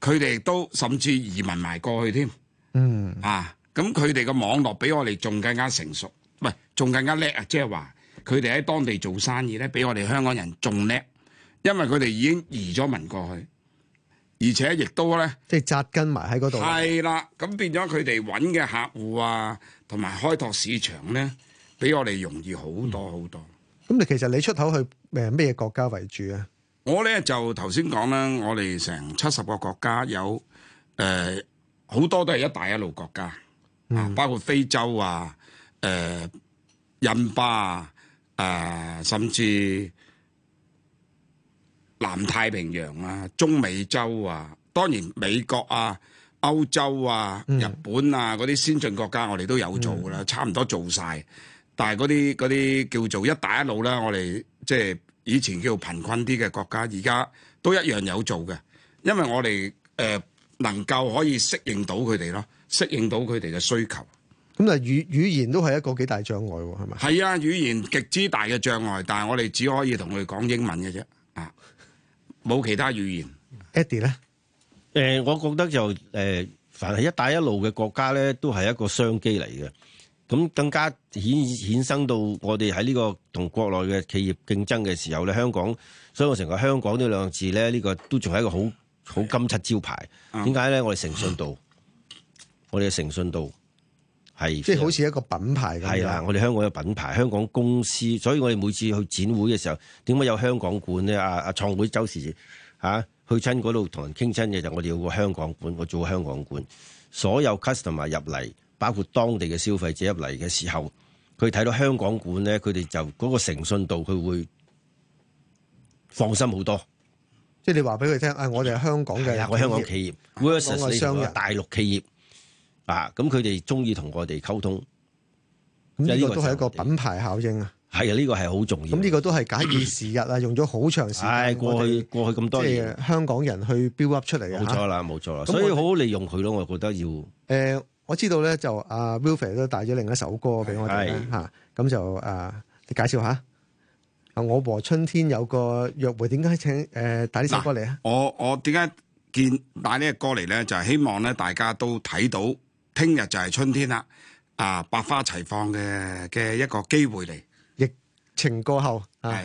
佢哋都甚至移民埋過去添。嗯啊，咁佢哋個網絡比我哋仲更加成熟，唔係仲更加叻啊！即係話佢哋喺當地做生意咧，比我哋香港人仲叻，因為佢哋已經移咗民過去。而且亦都咧，即係扎根埋喺嗰度。係啦，咁變咗佢哋揾嘅客戶啊，同埋開拓市場咧，比我哋容易好多好多。咁你其實你出口去誒咩國家為主啊？我咧就頭先講啦，我哋成七十個國家有誒好多都係一帶一路國家，啊，包括非洲啊、誒印巴啊、誒甚至。南太平洋啊、中美洲啊，當然美國啊、歐洲啊、日本啊嗰啲先進國家，我哋都有做啦，差唔多做晒。但係嗰啲嗰啲叫做一帶一路啦，我哋即係以前叫做貧困啲嘅國家，而家都一樣有做嘅，因為我哋誒能夠可以適應到佢哋咯，適應到佢哋嘅需求。咁啊語、語言都係一個幾大障礙喎，係咪？係啊，語言極之大嘅障礙，但係我哋只可以同佢哋講英文嘅啫。冇其他語言，Eddie 咧？誒呢、呃、我覺得就誒、呃、凡係一帶一路嘅國家咧，都係一個商機嚟嘅。咁更加顯衍生到我哋喺呢個同國內嘅企業競爭嘅時候咧，香港，所以我成個香港呢兩個字咧，呢、這個都仲係一個好好金漆招牌。點解咧？我哋誠信度，我哋嘅誠信度。 [LAUGHS] 係，即係好似一個品牌咁樣。係啦，我哋香港有品牌，香港公司，所以我哋每次去展會嘅時候，點解有香港館咧？阿阿創會周時啊，去親嗰度同人傾親嘅就我哋有個香港館，我做香港館，所有 customer 入嚟，包括當地嘅消費者入嚟嘅時候，佢睇到香港館咧，佢哋就嗰個誠信度，佢會放心好多。即係你話俾佢聽，啊，我哋係香港嘅，我香港企業，versus 大陸企業。啊！咁佢哋鍾意同我哋溝通，呢個都係一個品牌效應啊！係啊，呢個係好重要。咁呢個都係假以時日啊， [COUGHS] 用咗好長時間。係過去過去咁多年，香港人去 build up 出嚟啊，冇錯啦，冇錯啦。所以好好利用佢咯，我覺得要。誒，我知道咧，就阿 Will、啊、Fer 都帶咗另一首歌俾我哋啦，咁就誒、啊，你介紹下。啊，我和春天有個約會，點解請誒、呃、帶呢首歌嚟啊？我我點解見帶個呢首歌嚟咧？就係、是、希望咧，大家都睇到。聽日就係春天啦，啊百花齊放嘅嘅一個機會嚟。疫情過後係。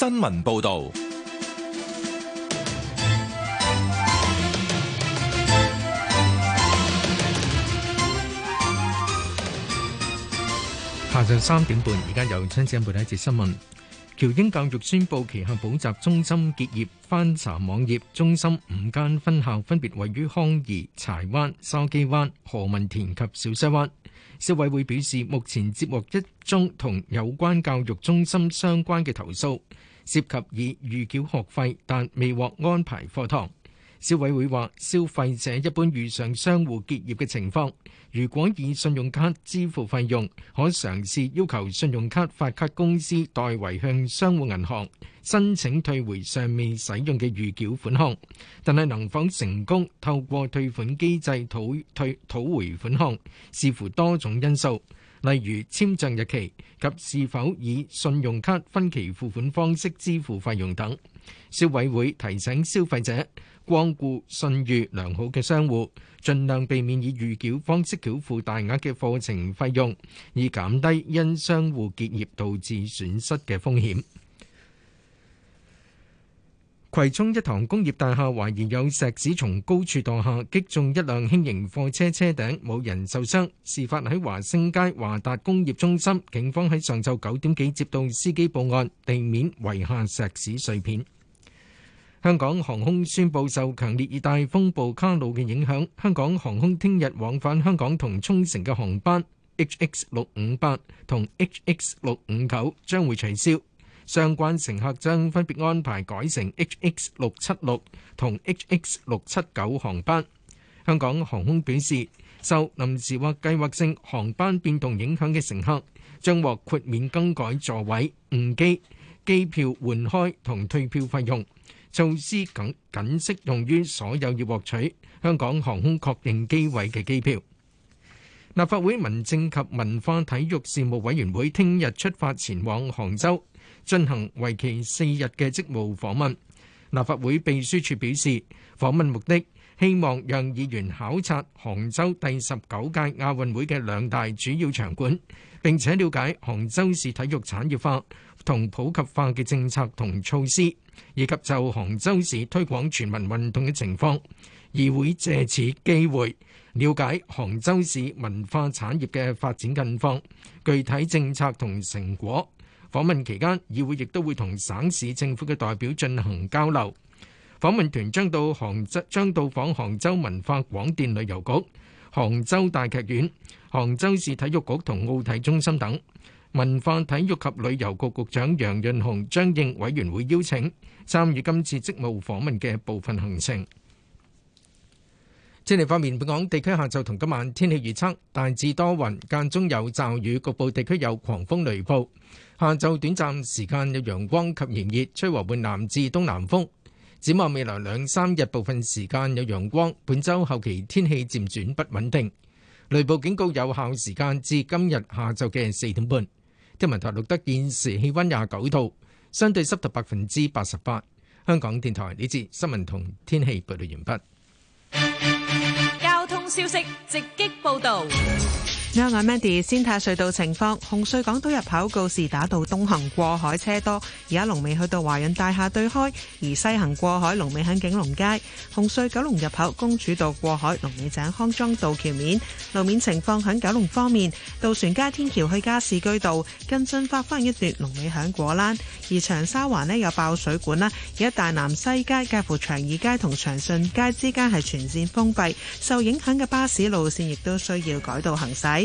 新聞報道，下晝三點半，而家有親記者報道第一節新聞。僑英教育宣布旗下補習中心結業，翻查網頁，中心五間分校分別位於康怡、柴灣、筲箕灣、何文田及小西灣。消委會表示，目前接獲一宗同有關教育中心相關嘅投訴。涉及以預繳學費但未獲安排課堂，消委會話：消費者一般遇上商戶結業嘅情況，如果以信用卡支付費用，可嘗試要求信用卡發卡公司代為向商戶銀行申請退回尚未使用嘅預繳款項。但係能否成功透過退款機制討退討回款項，視乎多種因素。例如簽證日期及是否以信用卡分期付款方式支付費用等，消委會提醒消費者光顧信譽良好嘅商戶，盡量避免以預繳方式繳付大額嘅課程費用，以減低因商戶結業導致損失嘅風險。葵涌一堂工業大廈，懷疑有石屎從高處墮下，擊中一輛輕型貨車車頂，冇人受傷。事發喺華盛街華達工業中心，警方喺上晝九點幾接到司機報案，地面遺下石屎碎片。香港航空宣布受強烈熱帶風暴卡努嘅影響，香港航空聽日往返香港同沖繩嘅航班 HX 六五八同 HX 六五九將會取消。相關乘客將分別安排改乘 HX676 同 HX679 航班。香港航空表示，受臨時或計劃性航班變動影響嘅乘客，將獲豁免更改座位、誤機、機票換開同退票費用。措施僅僅適用於所有要獲取香港航空確認機位嘅機票。立法會民政及文化體育事務委員會聽日出發前往杭州。進行為期四日嘅職務訪問。立法會秘書處表示，訪問目的希望讓議員考察杭州第十九屆亞運會嘅兩大主要場館，並且了解杭州市體育產業化同普及化嘅政策同措施，以及就杭州市推廣全民運動嘅情況。議會藉此機會了解杭州市文化產業嘅發展近況、具體政策同成果。訪問期間，議會亦都會同省市政府嘅代表進行交流。訪問團將到杭州，將到訪杭州文化廣電旅遊局、杭州大劇院、杭州市體育局同奧體中心等。文化體育及旅遊局局長楊潤雄將應委員會邀請，參與今次職務訪問嘅部分行程。天氣方面，本港地區下晝同今晚天氣預測大致多雲，間中有驟雨，局部地區有狂風雷暴。下晝短暫時間有陽光及炎熱，吹和緩南至東南風。展望未來兩三日，部分時間有陽光。本周後期天氣漸轉不穩定，雷暴警告有效時間至今日下晝嘅四點半。天文台錄得現時氣溫廿九度，相對濕度百分之八十八。香港電台呢節新聞同天氣報道完畢。消息直擊報導。Hello，睇下 Mandy 先，睇隧道情況。紅隧港島入口告士打道東行過海車多，而家龍尾去到華潤大廈對開；而西行過海龍尾響景隆街。紅隧九龍入口公主道過海龍尾井康莊道橋面路面情況響九龍方面，渡船街天橋去加士居道跟進發翻一段龍尾響果欄。而長沙灣呢有爆水管啦，而家大南西街介乎長義街同長順街之間係全線封閉，受影響嘅巴士路線亦都需要改道行駛。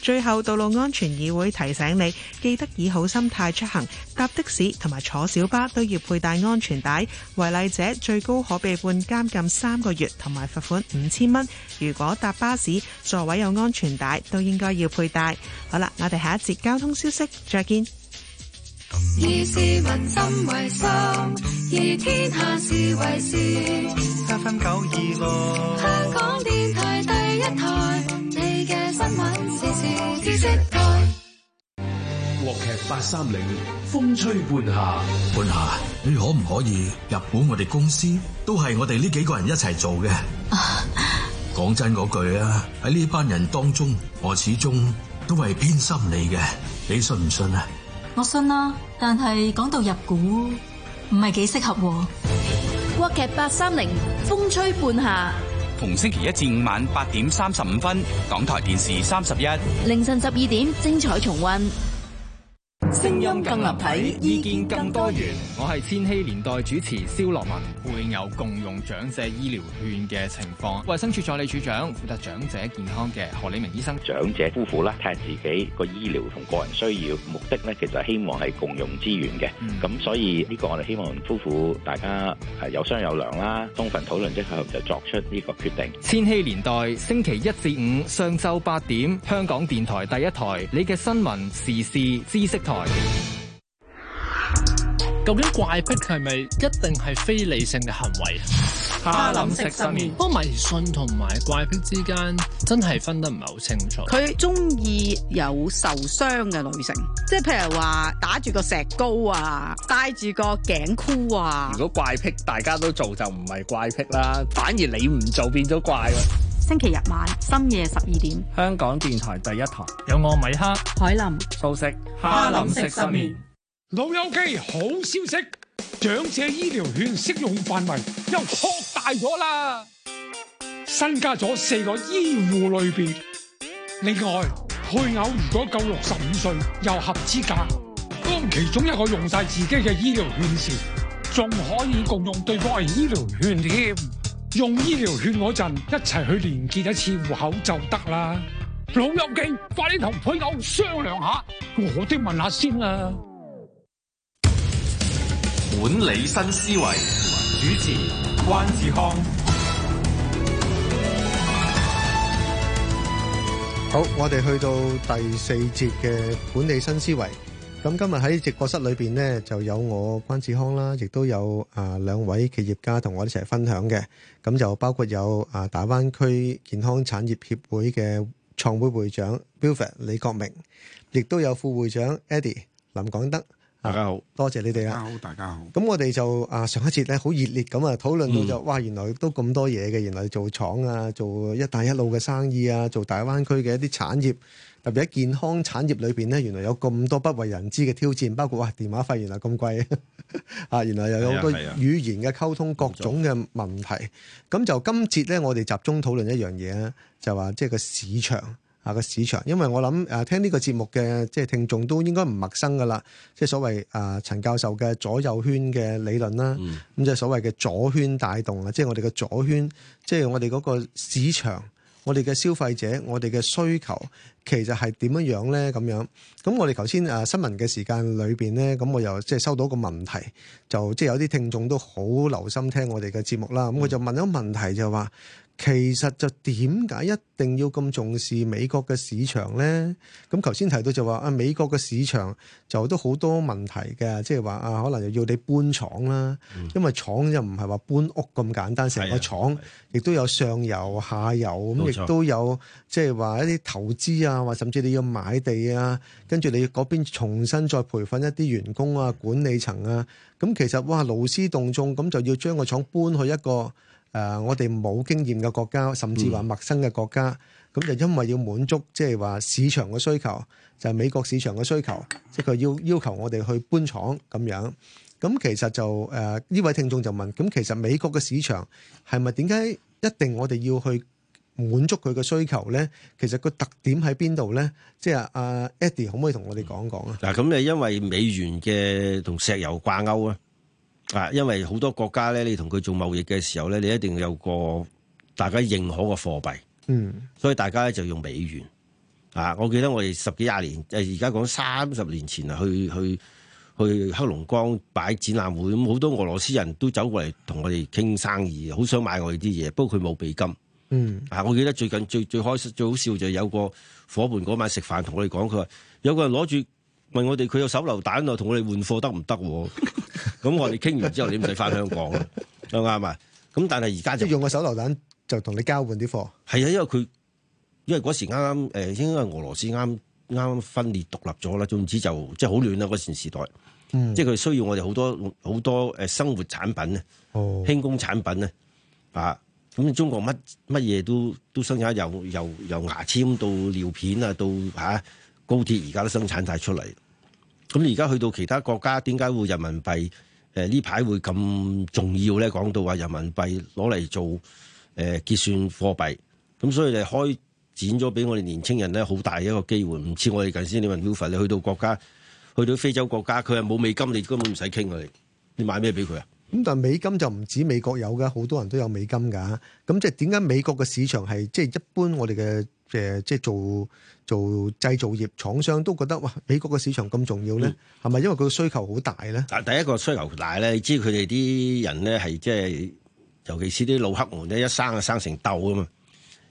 最後，道路安全議會提醒你，記得以好心態出行。搭的士同埋坐小巴都要佩戴安全帶，違例者最高可被判監禁三個月同埋罰款五千蚊。如果搭巴士，座位有安全帶都應該要佩戴。好啦，我哋下一節交通消息再見。以市民心為心，以天下事為事。三分九二六，香港電台第一台，你嘅新聞時事知識台。國劇八三零，風吹半夏。半夏，你可唔可以？入本我哋公司都係我哋呢幾個人一齊做嘅。講 [LAUGHS] 真嗰句啊，喺呢班人當中，我始終都係偏心你嘅，你信唔信啊？我信啦，但係講到入股，唔係幾適合。國劇八三零，風吹半夏，逢星期一至五晚八點三十五分，港台電視三十一，凌晨十二點精彩重温。聲音更立體，意見更多元。我係千禧年代主持蕭樂文，會有共用長者醫療券嘅情況。衛生署助理署長負責長者健康嘅何禮明醫生，長者夫婦啦，睇下自己個醫療同個人需要，目的咧，其實希望係共用資源嘅。咁、嗯、所以呢個我哋希望夫婦大家係有商有量啦，充分討論之後就作出呢個決定。千禧年代星期一至五上晝八點，香港電台第一台，你嘅新聞時事知識台。究竟怪癖係咪一定係非理性嘅行為？花諗食生麵，但迷信同埋怪癖之間真係分得唔係好清楚。佢中意有受傷嘅女性，即係譬如話打住個石膏啊，戴住個頸箍啊。如果怪癖大家都做就唔係怪癖啦，反而你唔做變咗怪。 [LAUGHS] 星期日晚深夜十二點，香港電台第一台有我米克。海林、素食，哈林食十年老友記。好消息，長者醫療券適用範圍又擴大咗啦，新加咗四個醫護類別。另外，配偶如果夠六十五歲又合資格，當其中一個用晒自己嘅醫療券時，仲可以共用對方嘅醫療券添。用醫療券嗰陣，一齊去連結一次戶口就得啦。老友記，快啲同配偶商量下，我都要問下先啦，啊。管理新思維，主持關志康。好，我哋去到第四節嘅管理新思維。咁今日喺直播室裏邊咧，就有我關志康啦，亦都有啊兩位企業家同我哋一齊分享嘅。咁就包括有啊大灣區健康產業協會嘅創會會長 Billfit 李國明，亦都有副會長 Eddie 林廣德。大家好多謝你哋啦！好，大家好。咁我哋就啊上一節咧好熱烈咁啊討論到就，哇！原來都咁多嘢嘅，原來做廠啊，做一帶一路嘅生意啊，做大灣區嘅一啲產業。特別喺健康產業裏邊咧，原來有咁多不為人知嘅挑戰，包括哇，電話費原來咁貴啊， [LAUGHS] 原來又有好多語言嘅溝通各種嘅問題。咁、啊啊、就今節咧，我哋集中討論一樣嘢咧，就話即係個市場啊個市場，因為我諗誒、啊、聽呢個節目嘅即係聽眾都應該唔陌生噶啦，即、就、係、是、所謂啊陳教授嘅左右圈嘅理論啦，咁、嗯、就所謂嘅左圈帶動啊，即、就、係、是、我哋嘅左圈，即、就、係、是、我哋嗰個市場，我哋嘅消費者，我哋嘅需求。其實係點樣咧？咁樣咁，我哋頭先啊新聞嘅時間裏邊咧，咁我又即係收到一個問題，就即係有啲聽眾都好留心聽我哋嘅節目啦。咁佢、嗯、就問咗問題就話。其實就點解一定要咁重視美國嘅市場呢？咁頭先提到就話啊，美國嘅市場就都好多問題嘅，即係話啊，可能又要你搬廠啦，嗯、因為廠就唔係話搬屋咁簡單，成個廠亦都有上游下游咁，亦沒錯 都有即係話一啲投資啊，或甚至你要買地啊，跟住你嗰邊重新再培訓一啲員工啊、管理層啊，咁其實哇，勞師動眾咁就要將個廠搬去一個。誒，我哋冇經驗嘅國家，甚至話陌生嘅國家，咁就因為要滿足即係話市場嘅需求，就係美國市場嘅需求，即係佢要要求我哋去搬廠咁樣。咁其實就誒，呢位聽眾就問：咁其實美國嘅市場係咪點解一定我哋要去滿足佢嘅需求咧？其實個特點喺邊度咧？即係阿 Eddie 可唔可以同我哋講講啊？嗱，咁誒，因為美元嘅同石油掛鈎啊。啊，因為好多國家咧，你同佢做貿易嘅時候咧，你一定有個大家認可嘅貨幣。嗯，所以大家咧就用美元。啊，我記得我哋十幾廿年，誒，而家講三十年前啊，去去去黑龍江擺展覽會，咁好多俄羅斯人都走過嚟同我哋傾生意，好想買我哋啲嘢，不過佢冇美金。嗯，啊，我記得最近最最開始、最好笑就有個夥伴嗰晚食飯同我哋講，佢話有個人攞住。問我哋佢有手榴彈啊，同我哋換貨得唔得？咁 [LAUGHS] 我哋傾完之後， [LAUGHS] 你唔使翻香港啦，係咪？ [LAUGHS] 咁但係而家就用個手榴彈就同你交換啲貨。係啊，因為佢因為嗰時啱啱誒，應該係俄羅斯啱啱分裂獨立咗啦，總之就即係好亂啦嗰時時代。嗯、即係佢需要我哋好多好多誒生活產品咧，輕工產品咧、哦、啊。咁中國乜乜嘢，都都生產，由由由，由牙簽到尿片到到啊，到吓。高鐵而家都生產晒出嚟，咁而家去到其他國家，點解會人民幣？誒呢排會咁重要咧？講到話人民幣攞嚟做誒、呃、結算貨幣，咁所以就開展咗俾我哋年青人咧好大一個機會。唔似我哋近先，你問 UFA，你去到國家，去到非洲國家，佢係冇美金，你根本唔使傾啊！你你買咩俾佢啊？咁但係美金就唔止美國有㗎，好多人都有美金㗎。咁即係點解美國嘅市場係即係一般我哋嘅？誒、呃、即係做做製造業廠商都覺得哇，美國個市場咁重要咧，係咪因為佢個需求好大咧？第一個需求大咧，你知佢哋啲人咧係即係，尤其是啲老黑們咧，一生啊生成竇啊嘛，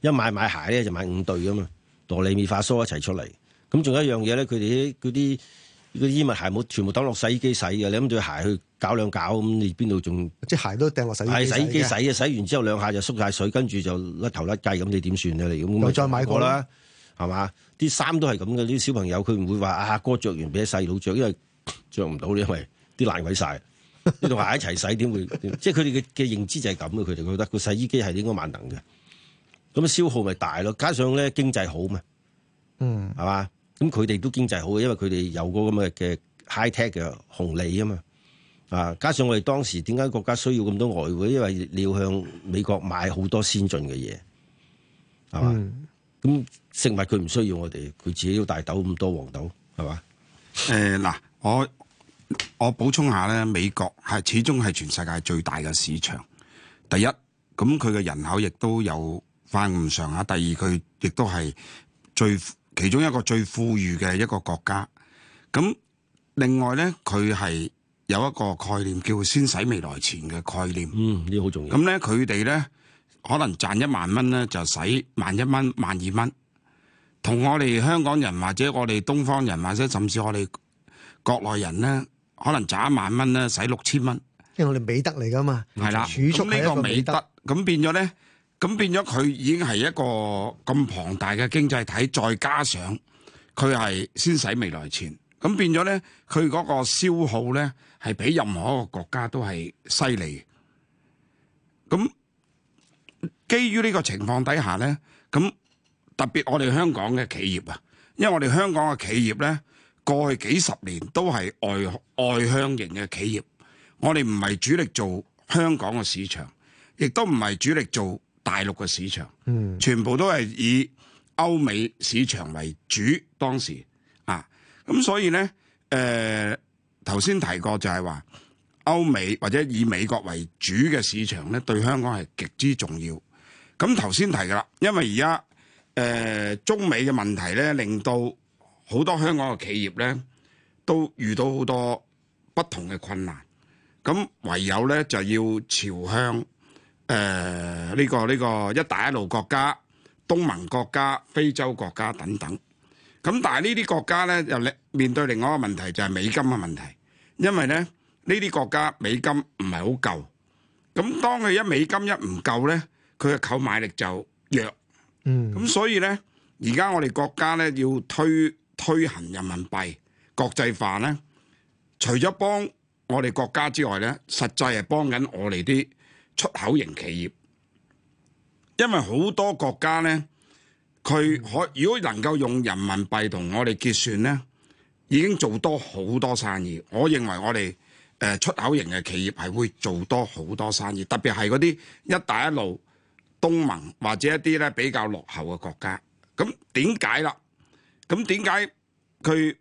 一買買鞋咧就買五對啊嘛，袋裏面化梳一齊出嚟。咁仲有一樣嘢咧，佢哋嗰啲個衣物鞋帽全部抌落洗衣機洗嘅，你諗住鞋去搞兩搞咁，你邊度仲？即係鞋都掟落洗。係洗衣機洗嘅，洗完之後兩下就縮晒水，跟住就甩頭甩計咁，你點算啊？你咁又再買過啦，係嘛，嗯？啲衫都係咁嘅，啲小朋友佢唔會話阿、啊、哥着完俾細佬着，因為着唔到，因為啲爛鬼晒，你同 [LAUGHS] 鞋一齊洗點會？即係佢哋嘅嘅認知就係咁嘅，佢哋覺得個洗衣機係應該萬能嘅。咁消耗咪大咯？加上咧經濟好嘛，嗯，係嘛？咁佢哋都經濟好，因為佢哋有個咁嘅嘅 high tech 嘅紅利啊嘛，啊加上我哋當時點解國家需要咁多外匯，因為你要向美國買好多先進嘅嘢，係嘛？咁、嗯、食物佢唔需要我哋，佢自己都大豆咁多黃豆，係嘛？誒嗱、呃，我我補充下咧，美國係始終係全世界最大嘅市場。第一，咁佢嘅人口亦都有翻咁上下。第二，佢亦都係最。其中一個最富裕嘅一個國家，咁另外呢，佢係有一個概念叫先使未來錢嘅概念。嗯，呢個好重要。咁呢，佢哋呢可能賺一萬蚊呢，就使萬一蚊、萬二蚊，同我哋香港人或者我哋東方人或者甚至我哋國內人呢，可能賺一萬蚊呢，使六千蚊，即係我哋美德嚟㗎嘛。係啦的，儲蓄係一個美德。咁、嗯，這個、變咗呢。咁變咗佢已經係一個咁龐大嘅經濟體，再加上佢係先使未來錢，咁變咗呢，佢嗰個消耗呢係比任何一個國家都係犀利。咁基於呢個情況底下呢，咁特別我哋香港嘅企業啊，因為我哋香港嘅企業呢，過去幾十年都係外外向型嘅企業，我哋唔係主力做香港嘅市場，亦都唔係主力做。大陸嘅市場，全部都係以歐美市場為主。當時啊，咁所以呢，誒頭先提過就係話歐美或者以美國為主嘅市場呢，對香港係極之重要。咁頭先提㗎喇，因為而家誒中美嘅問題呢，令到好多香港嘅企業呢都遇到好多不同嘅困難。咁唯有呢，就要朝向。誒，呢、呃，這個呢，這個一帶一路國家、東盟國家、非洲國家等等，咁但係呢啲國家呢，又面對另外一個問題就係美金嘅問題，因為呢呢啲國家美金唔係好夠，咁當佢一美金一唔夠呢，佢嘅購買力就弱，嗯，咁所以呢，而家我哋國家呢，要推推行人民幣國際化呢，除咗幫我哋國家之外呢，實際係幫緊我哋啲。出口型企業，因為好多國家呢，佢可如果能夠用人民幣同我哋結算呢，已經做多好多生意。我認為我哋誒出口型嘅企業係會做多好多生意，特別係嗰啲一帶一路、東盟或者一啲呢比較落後嘅國家。咁點解啦？咁點解佢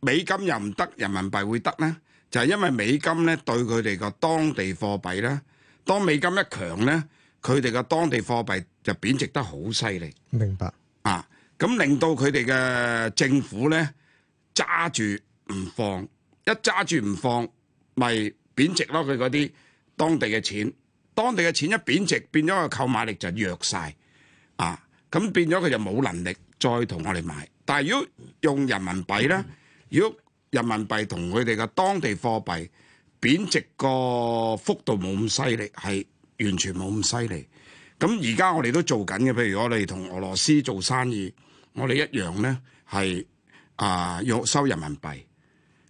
美金又唔得，人民幣會得呢？就係因為美金呢對佢哋個當地貨幣呢。當美金一強呢，佢哋嘅當地貨幣就貶值得好犀利。明白啊，咁令到佢哋嘅政府呢，揸住唔放，一揸住唔放咪貶值咯，佢嗰啲當地嘅錢。當地嘅錢一貶值，變咗個購買力就弱晒。啊！咁變咗佢就冇能力再同我哋買。但係如果用人民幣呢，嗯、如果人民幣同佢哋嘅當地貨幣，貶值個幅度冇咁犀利，係完全冇咁犀利。咁而家我哋都做緊嘅，譬如我哋同俄羅斯做生意，我哋一樣咧係啊要收人民幣。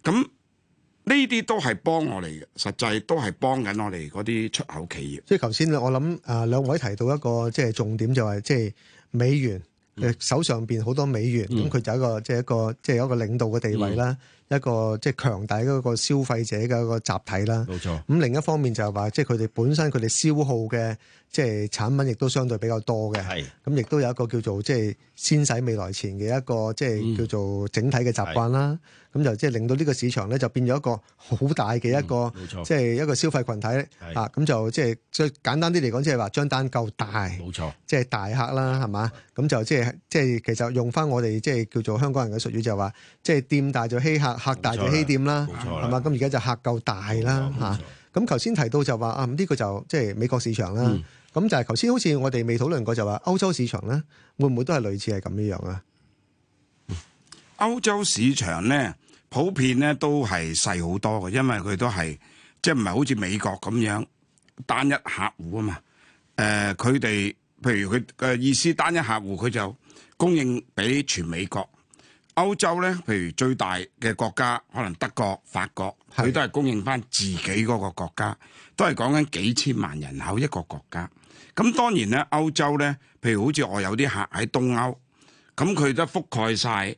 咁呢啲都係幫我哋嘅，實際都係幫緊我哋嗰啲出口企業。即係頭先我諗啊兩位提到一個即係重點就係即係美元嘅手上邊好多美元，咁佢就一個即係一個即係有一個領導嘅地位啦。一個即係強大嗰個消費者嘅個集體啦，冇錯。咁另一方面就係話，即係佢哋本身佢哋消耗嘅。即係產品亦都相對比較多嘅，咁亦都有一個叫做即係先使未來錢嘅一個即係叫做整體嘅習慣啦。咁就即係令到呢個市場咧就變咗一個好大嘅一個，即係一個消費群體啊。咁就即係即係簡單啲嚟講，即係話張單夠大，即係大客啦，係嘛？咁就即係即係其實用翻我哋即係叫做香港人嘅俗語，就話即係店大就欺客，客大就欺店啦，係嘛？咁而家就客夠大啦，嚇。咁頭先提到就話啊，呢個就即係美國市場啦。咁就係頭先，好似我哋未討論過就話歐洲市場咧，會唔會都係類似係咁樣啊？歐洲市場咧，普遍咧都係細好多嘅，因為佢都係即係唔係好似美國咁樣單一客戶啊嘛。誒、呃，佢哋譬如佢嘅意思單一客戶，佢就供應俾全美國。歐洲咧，譬如最大嘅國家，可能德國、法國，佢都係供應返自己嗰個國家，都係講緊幾千萬人口一個國家。咁當然咧，歐洲咧，譬如好似我有啲客喺東歐，咁佢都覆蓋晒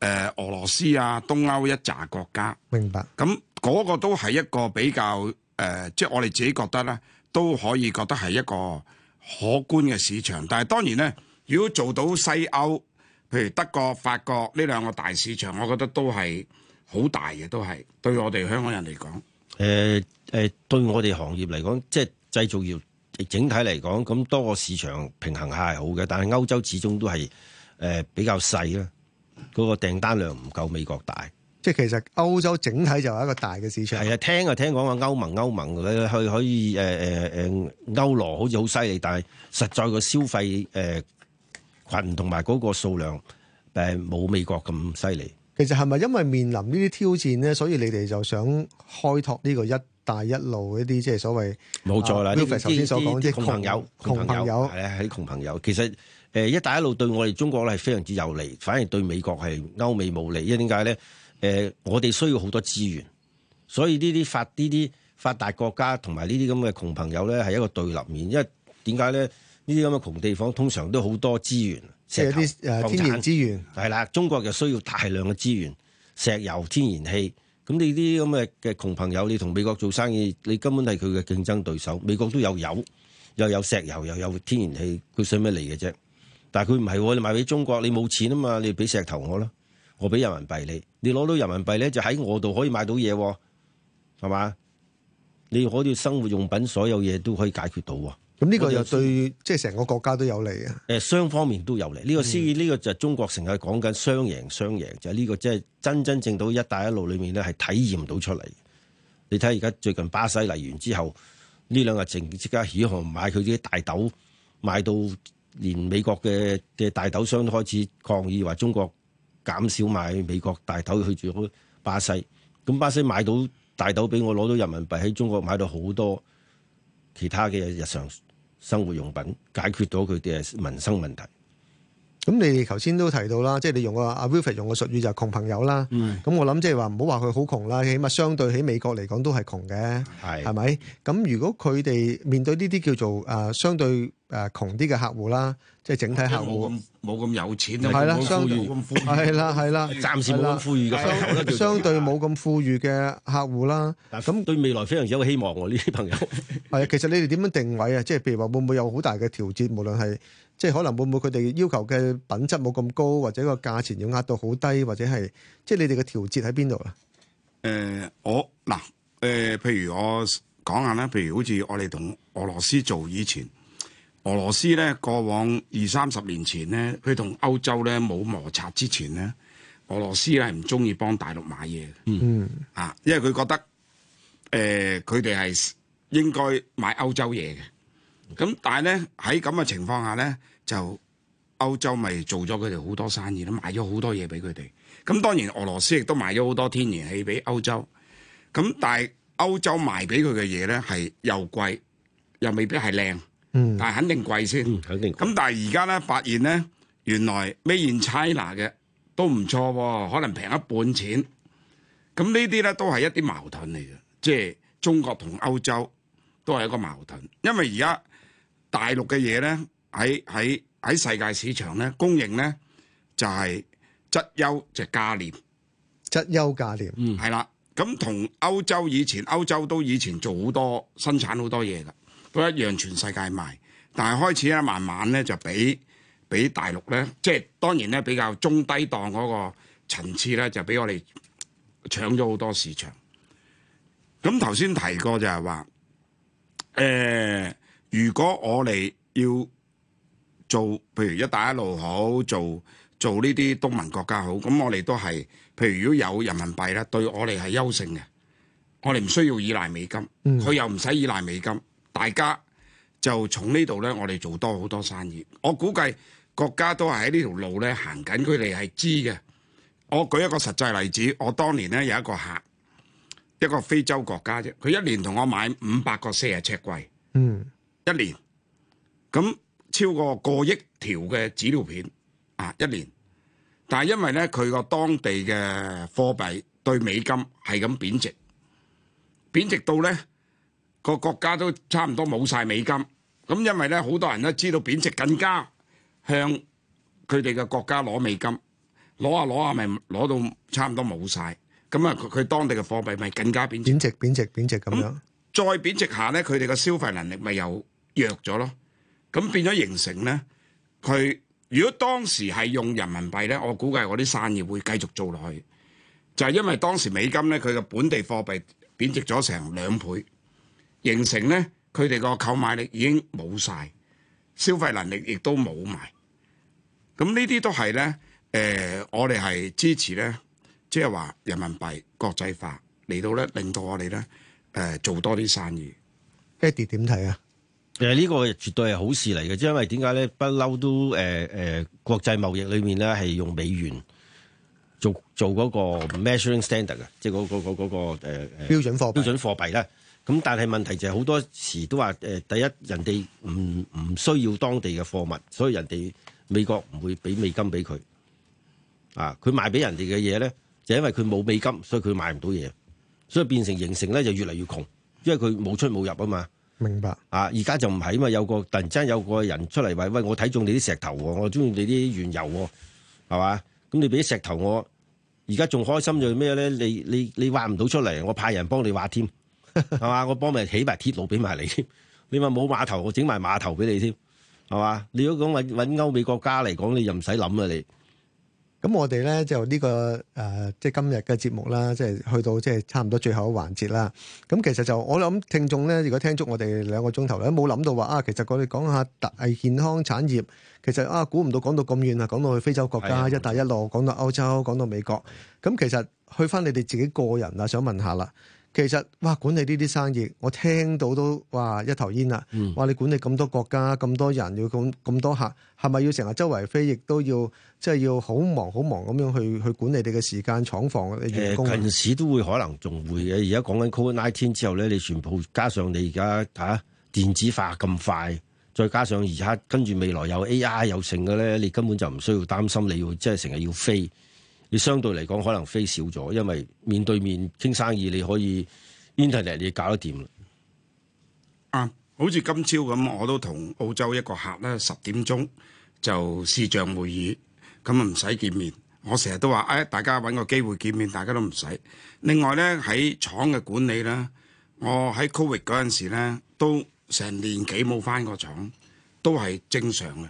誒俄羅斯啊、東歐一紮國家。明白。咁嗰個都係一個比較誒，即係我哋自己覺得咧，都可以覺得係一個可觀嘅市場。但係當然咧，如果做到西歐，譬如德國、法國呢兩個大市場，我覺得都係好大嘅，都係對我哋香港人嚟講，誒誒，對我哋行業嚟講，即係製造業整體嚟講，咁多個市場平衡下係好嘅。但係歐洲始終都係誒比較細啦，嗰個訂單量唔夠美國大。即係其實歐洲整體就係一個大嘅市場。係啊，聽就，聽講話，歐盟歐盟佢可以誒誒誒，歐羅好似好犀利，但係實在個消費誒。群同埋嗰個數量誒冇美國咁犀利。其實係咪因為面臨呢啲挑戰咧，所以你哋就想開拓呢個一帶一路一啲即係所謂冇錯啦。呢頭先所講即啲窮朋友、窮朋友係啊，啲窮朋友其實誒、呃、一帶一路對我哋中國係非常之有利，反而對美國係歐美冇利。因為點解咧？誒、呃，我哋需要好多資源，所以呢啲發呢啲發達國家同埋呢啲咁嘅窮朋友咧係一個對立面。因為點解咧？呢啲咁嘅窮地方通常都好多資源，石誒天然資源。係啦，中國就需要大量嘅資源，石油、天然氣。咁你啲咁嘅嘅窮朋友，你同美國做生意，你根本係佢嘅競爭對手。美國都有油，又有石油，又有天然氣，佢使咩嚟嘅啫？但係佢唔係，你賣俾中國，你冇錢啊嘛，你俾石頭我啦，我俾人民幣你。你攞到人民幣咧，就喺我度可以買到嘢喎，係嘛？你可以生活用品，所有嘢都可以解決到喎。咁呢個又對即係成個國家都有利啊！誒、嗯，雙方面都有利。呢、這個呢、這個就係中國成日講緊雙贏雙贏，就係、是、呢個即係真真正到一帶一路裏面咧係體驗到出嚟。你睇而家最近巴西嚟完之後，呢兩日正即刻起航，買佢啲大豆，買到連美國嘅嘅大豆商都開始抗議，話中國減少買美國大豆去住巴西。咁巴西買到大豆俾我攞到人民幣喺中國買到好多其他嘅日常。生活用品解決到佢哋嘅民生問題。咁、嗯嗯、你哋頭先都提到啦，即係你用個阿 Wilford 用個術語就窮朋友啦。咁、嗯、我諗即係話唔好話佢好窮啦，起碼相對喺美國嚟講都係窮嘅，係咪的？咁如果佢哋面對呢啲叫做誒、呃、相對。誒，窮啲嘅客戶啦，即係整體客戶冇咁有錢係啦，相咁富裕，係啦係啦，暫時冇富裕嘅相對冇咁富裕嘅客戶啦。咁 [LAUGHS] 對未來非常之有希望喎，啊，呢啲朋友係啊。 [LAUGHS] 其實你哋點樣定位啊？即係譬如話會唔會有好大嘅調節？無論係即係可能會唔會佢哋要求嘅品質冇咁高，或者個價錢要壓到好低，或者係即係你哋嘅調節喺邊度啊？誒、呃，我嗱誒、呃，譬如我講下啦，譬如好似我哋同俄羅斯做以前。俄羅斯咧，過往二三十年前咧，佢同歐洲咧冇摩擦之前咧，俄羅斯咧係唔中意幫大陸買嘢嘅，嗯啊，因為佢覺得誒，佢哋係應該買歐洲嘢嘅。咁但係咧，喺咁嘅情況下咧，就歐洲咪做咗佢哋好多生意咯，買咗好多嘢俾佢哋。咁當然俄羅斯亦都買咗好多天然氣俾歐洲。咁但係歐洲賣俾佢嘅嘢咧，係又貴又未必係靚。嗯、但係肯定貴先，嗯、肯定咁 [NOISE] 但係而家咧發現咧，原來 Made in China 嘅都唔錯，可能平一半錢。咁呢啲咧都係一啲矛盾嚟嘅，即係中國同歐洲都係一個矛盾，因為而家大陸嘅嘢咧喺喺喺世界市場咧供應咧就係質優就係價廉，質優價廉，係啦。咁同歐洲以前歐洲都以前做好多生產好多嘢噶。都一樣全世界賣，但係開始咧，慢慢咧就俾俾大陸咧，即係當然咧比較中低檔嗰個層次咧，就俾我哋搶咗好多市場。咁頭先提過就係話，誒，如果我哋要做，譬如一帶一路好，做做呢啲東盟國家好，咁我哋都係，譬如如果有人民幣咧，對我哋係優勝嘅，我哋唔需要依賴美金，佢又唔使依賴美金。大家就從呢度咧，我哋做多好多生意。我估計國家都係喺呢條路咧行緊，佢哋係知嘅。我舉一個實際例子，我當年咧有一個客，一個非洲國家啫，佢一年同我買五百個四十尺櫃，嗯，一年咁超過個億條嘅紙尿片啊一年，但係因為咧佢個當地嘅貨幣對美金係咁貶值，貶值到咧。個國家都差唔多冇晒美金，咁因為咧，好多人都知道貶值，更加向佢哋嘅國家攞美金，攞下攞下咪攞到差唔多冇晒，咁啊佢當地嘅貨幣咪更加貶值，貶值，貶值，貶值咁樣。再貶值下咧，佢哋嘅消費能力咪又弱咗咯。咁變咗形成咧，佢如果當時係用人民幣咧，我估計我啲生意會繼續做落去，就係因為當時美金咧，佢嘅本地貨幣貶值咗成兩倍。形成咧，佢哋個購買力已經冇晒，消費能力亦都冇埋。咁呢啲都係咧，誒，我哋係支持咧，即係話人民幣國際化嚟到咧，令到我哋咧誒做多啲生意。Eddie 點睇啊？誒呢、呃呢個絕對係好事嚟嘅，因為點解咧？不嬲都誒誒、呃、國際貿易裏面咧係用美元做做嗰個 measuring standard 嘅、嗰個，即係嗰個嗰、嗰個誒標準貨標準貨幣咧。咁但係問題就係好多時都話誒，第一人哋唔唔需要當地嘅貨物，所以人哋美國唔會俾美金俾佢啊。佢賣俾人哋嘅嘢咧，就因為佢冇美金，所以佢買唔到嘢，所以變成形成咧就越嚟越窮，因為佢冇出冇入啊嘛。明白啊？而家就唔係啊嘛，有個突然間有個人出嚟話喂，我睇中你啲石頭喎，我中意你啲原油喎、哦，係嘛？咁你俾石頭我，而家仲開心就係咩咧？你你你，你挖唔到出嚟，我派人幫你挖添。係 [LAUGHS] 嘛？ [MUSIC] 我幫你起埋鐵路俾埋你添。你話冇碼頭，我整埋碼頭俾你添？係嘛？你要講搵搵歐美國家嚟講，你又唔使諗啊！你咁、嗯、我哋咧就呢、這個誒、呃，即係今日嘅節目啦，即係去到即係差唔多最後一個環節啦。咁其實就我諗聽眾咧，如果聽足我哋兩個鐘頭，都冇諗到話啊，其實我哋講下大健康產業，其實啊，估唔到講到咁遠啊，講到去非洲國家的一帶一路，講到歐洲，講到美國。咁其實去翻你哋自己個人啊，想問下啦。其實哇，管理呢啲生意，我聽到都哇一頭煙啦。話、嗯、你管理咁多國家、咁多人，要咁咁多客，係咪要成日周圍飛？亦都要即係要好忙，好忙、好忙咁樣去去管理你嘅時間、廠房嘅員工。近、呃、時都會可能仲會嘅，而家講緊 Covid 19之後咧，你全部加上你而家嚇電子化咁快，再加上而家跟住未來有 AI 有成嘅咧，你根本就唔需要擔心，你要即係成日要飛。你相對嚟講可能飛少咗，因為面對面傾生意你可以 Internet、嗯、你，你搞得掂啦，啊。好似今朝咁，我都同澳洲一個客咧，十點鐘就視像會議，咁啊唔使見面。我成日都話誒，大家搵個機會見面，大家都唔使。另外咧，喺廠嘅管理咧，我喺 Covid 嗰陣時咧都成年幾冇返過廠，都係正常嘅。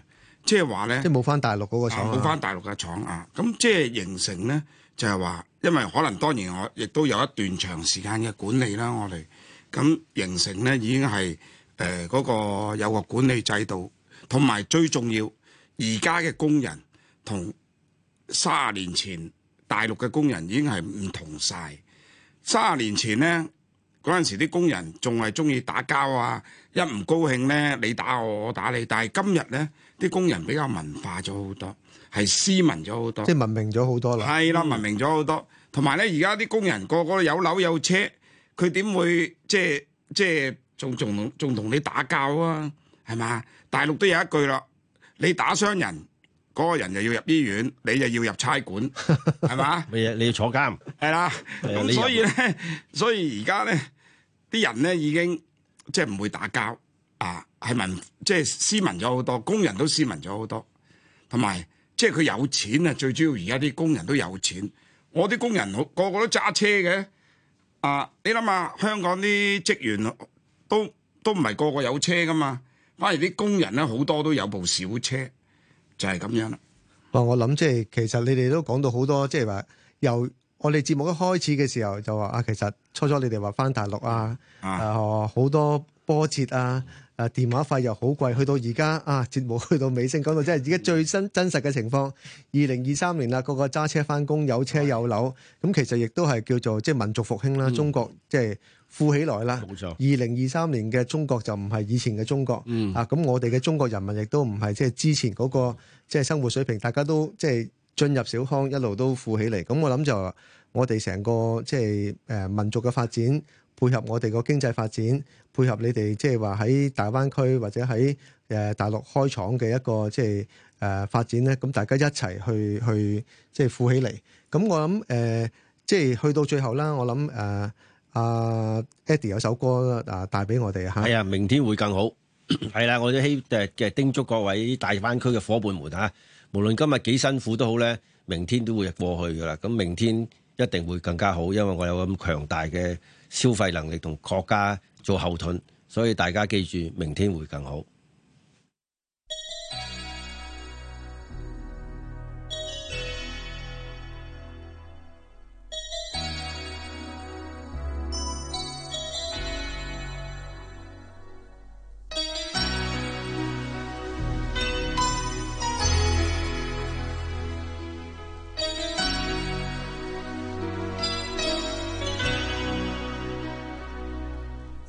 即係話呢，即係冇返大陸嗰個廠，冇返大陸嘅廠啊！咁即係形成呢，就係話，因為可能當然我亦都有一段長時間嘅管理啦，我哋咁形成呢已經係誒嗰個有個管理制度，同埋最重要，而家嘅工人同三十年前大陸嘅工人已經係唔同晒。三十年前呢，嗰陣時啲工人仲係中意打交啊，一唔高興呢你打我，我打你，但係今日呢。啲工人比較文化咗好多，係斯文咗好多，即係文明咗好多啦。係啦，文明咗好多，同埋咧，而家啲工人個個有樓有車，佢點會即係即係仲仲仲同你打交啊？係嘛？大陸都有一句啦，你打傷人，嗰個人又要入醫院，你又要入差館，係嘛？你 [LAUGHS] 你要坐監係啦。咁的 [LAUGHS] 的所以咧，所以而家咧，啲人咧已經即係唔會打交啊。係文，即係斯文咗好多，工人都斯文咗好多，同埋即係佢有錢啊！最主要而家啲工人都有錢，我啲工人好個個都揸車嘅。啊，你諗下，香港啲職員都都唔係個個有車㗎嘛，反而啲工人咧好多都有部小車，就係、是、咁樣啦。哇！我諗即係其實你哋都講到好多，即係話由我哋節目一開始嘅時候就話啊，其實初初你哋話返大陸啊，誒好、啊啊、多波折啊。啊！電話費又好貴，去到而家啊，節目去到尾聲，講到即係而家最新真實嘅情況。二零二三年啦，個個揸車翻工，有車有樓。咁的其實亦都係叫做即係民族復興啦，嗯、中國即係富起來啦。冇錯、嗯。二零二三年嘅中國就唔係以前嘅中國。嗯。啊，咁我哋嘅中國人民亦都唔係即係之前嗰個即係生活水平，大家都即係進入小康，一路都富起嚟。咁我諗就我哋成個即係誒民族嘅發展。配合我哋個經濟發展，配合你哋即係話喺大灣區或者喺誒大陸開廠嘅一個即係誒發展咧，咁大家一齊去去即係富起嚟。咁、嗯、我諗誒、呃，即係去到最後啦。我諗誒阿 Eddie 有首歌啊、呃，帶俾我哋嚇。係啊，明天會更好係啦。 [COUGHS] 我哋希嘅叮囑各位大灣區嘅伙伴們嚇、啊，無論今日幾辛苦都好咧，明天都會過去噶啦。咁明天一定會更加好，因為我有咁強大嘅，消費能力同國家做後盾，所以大家記住，明天會更好。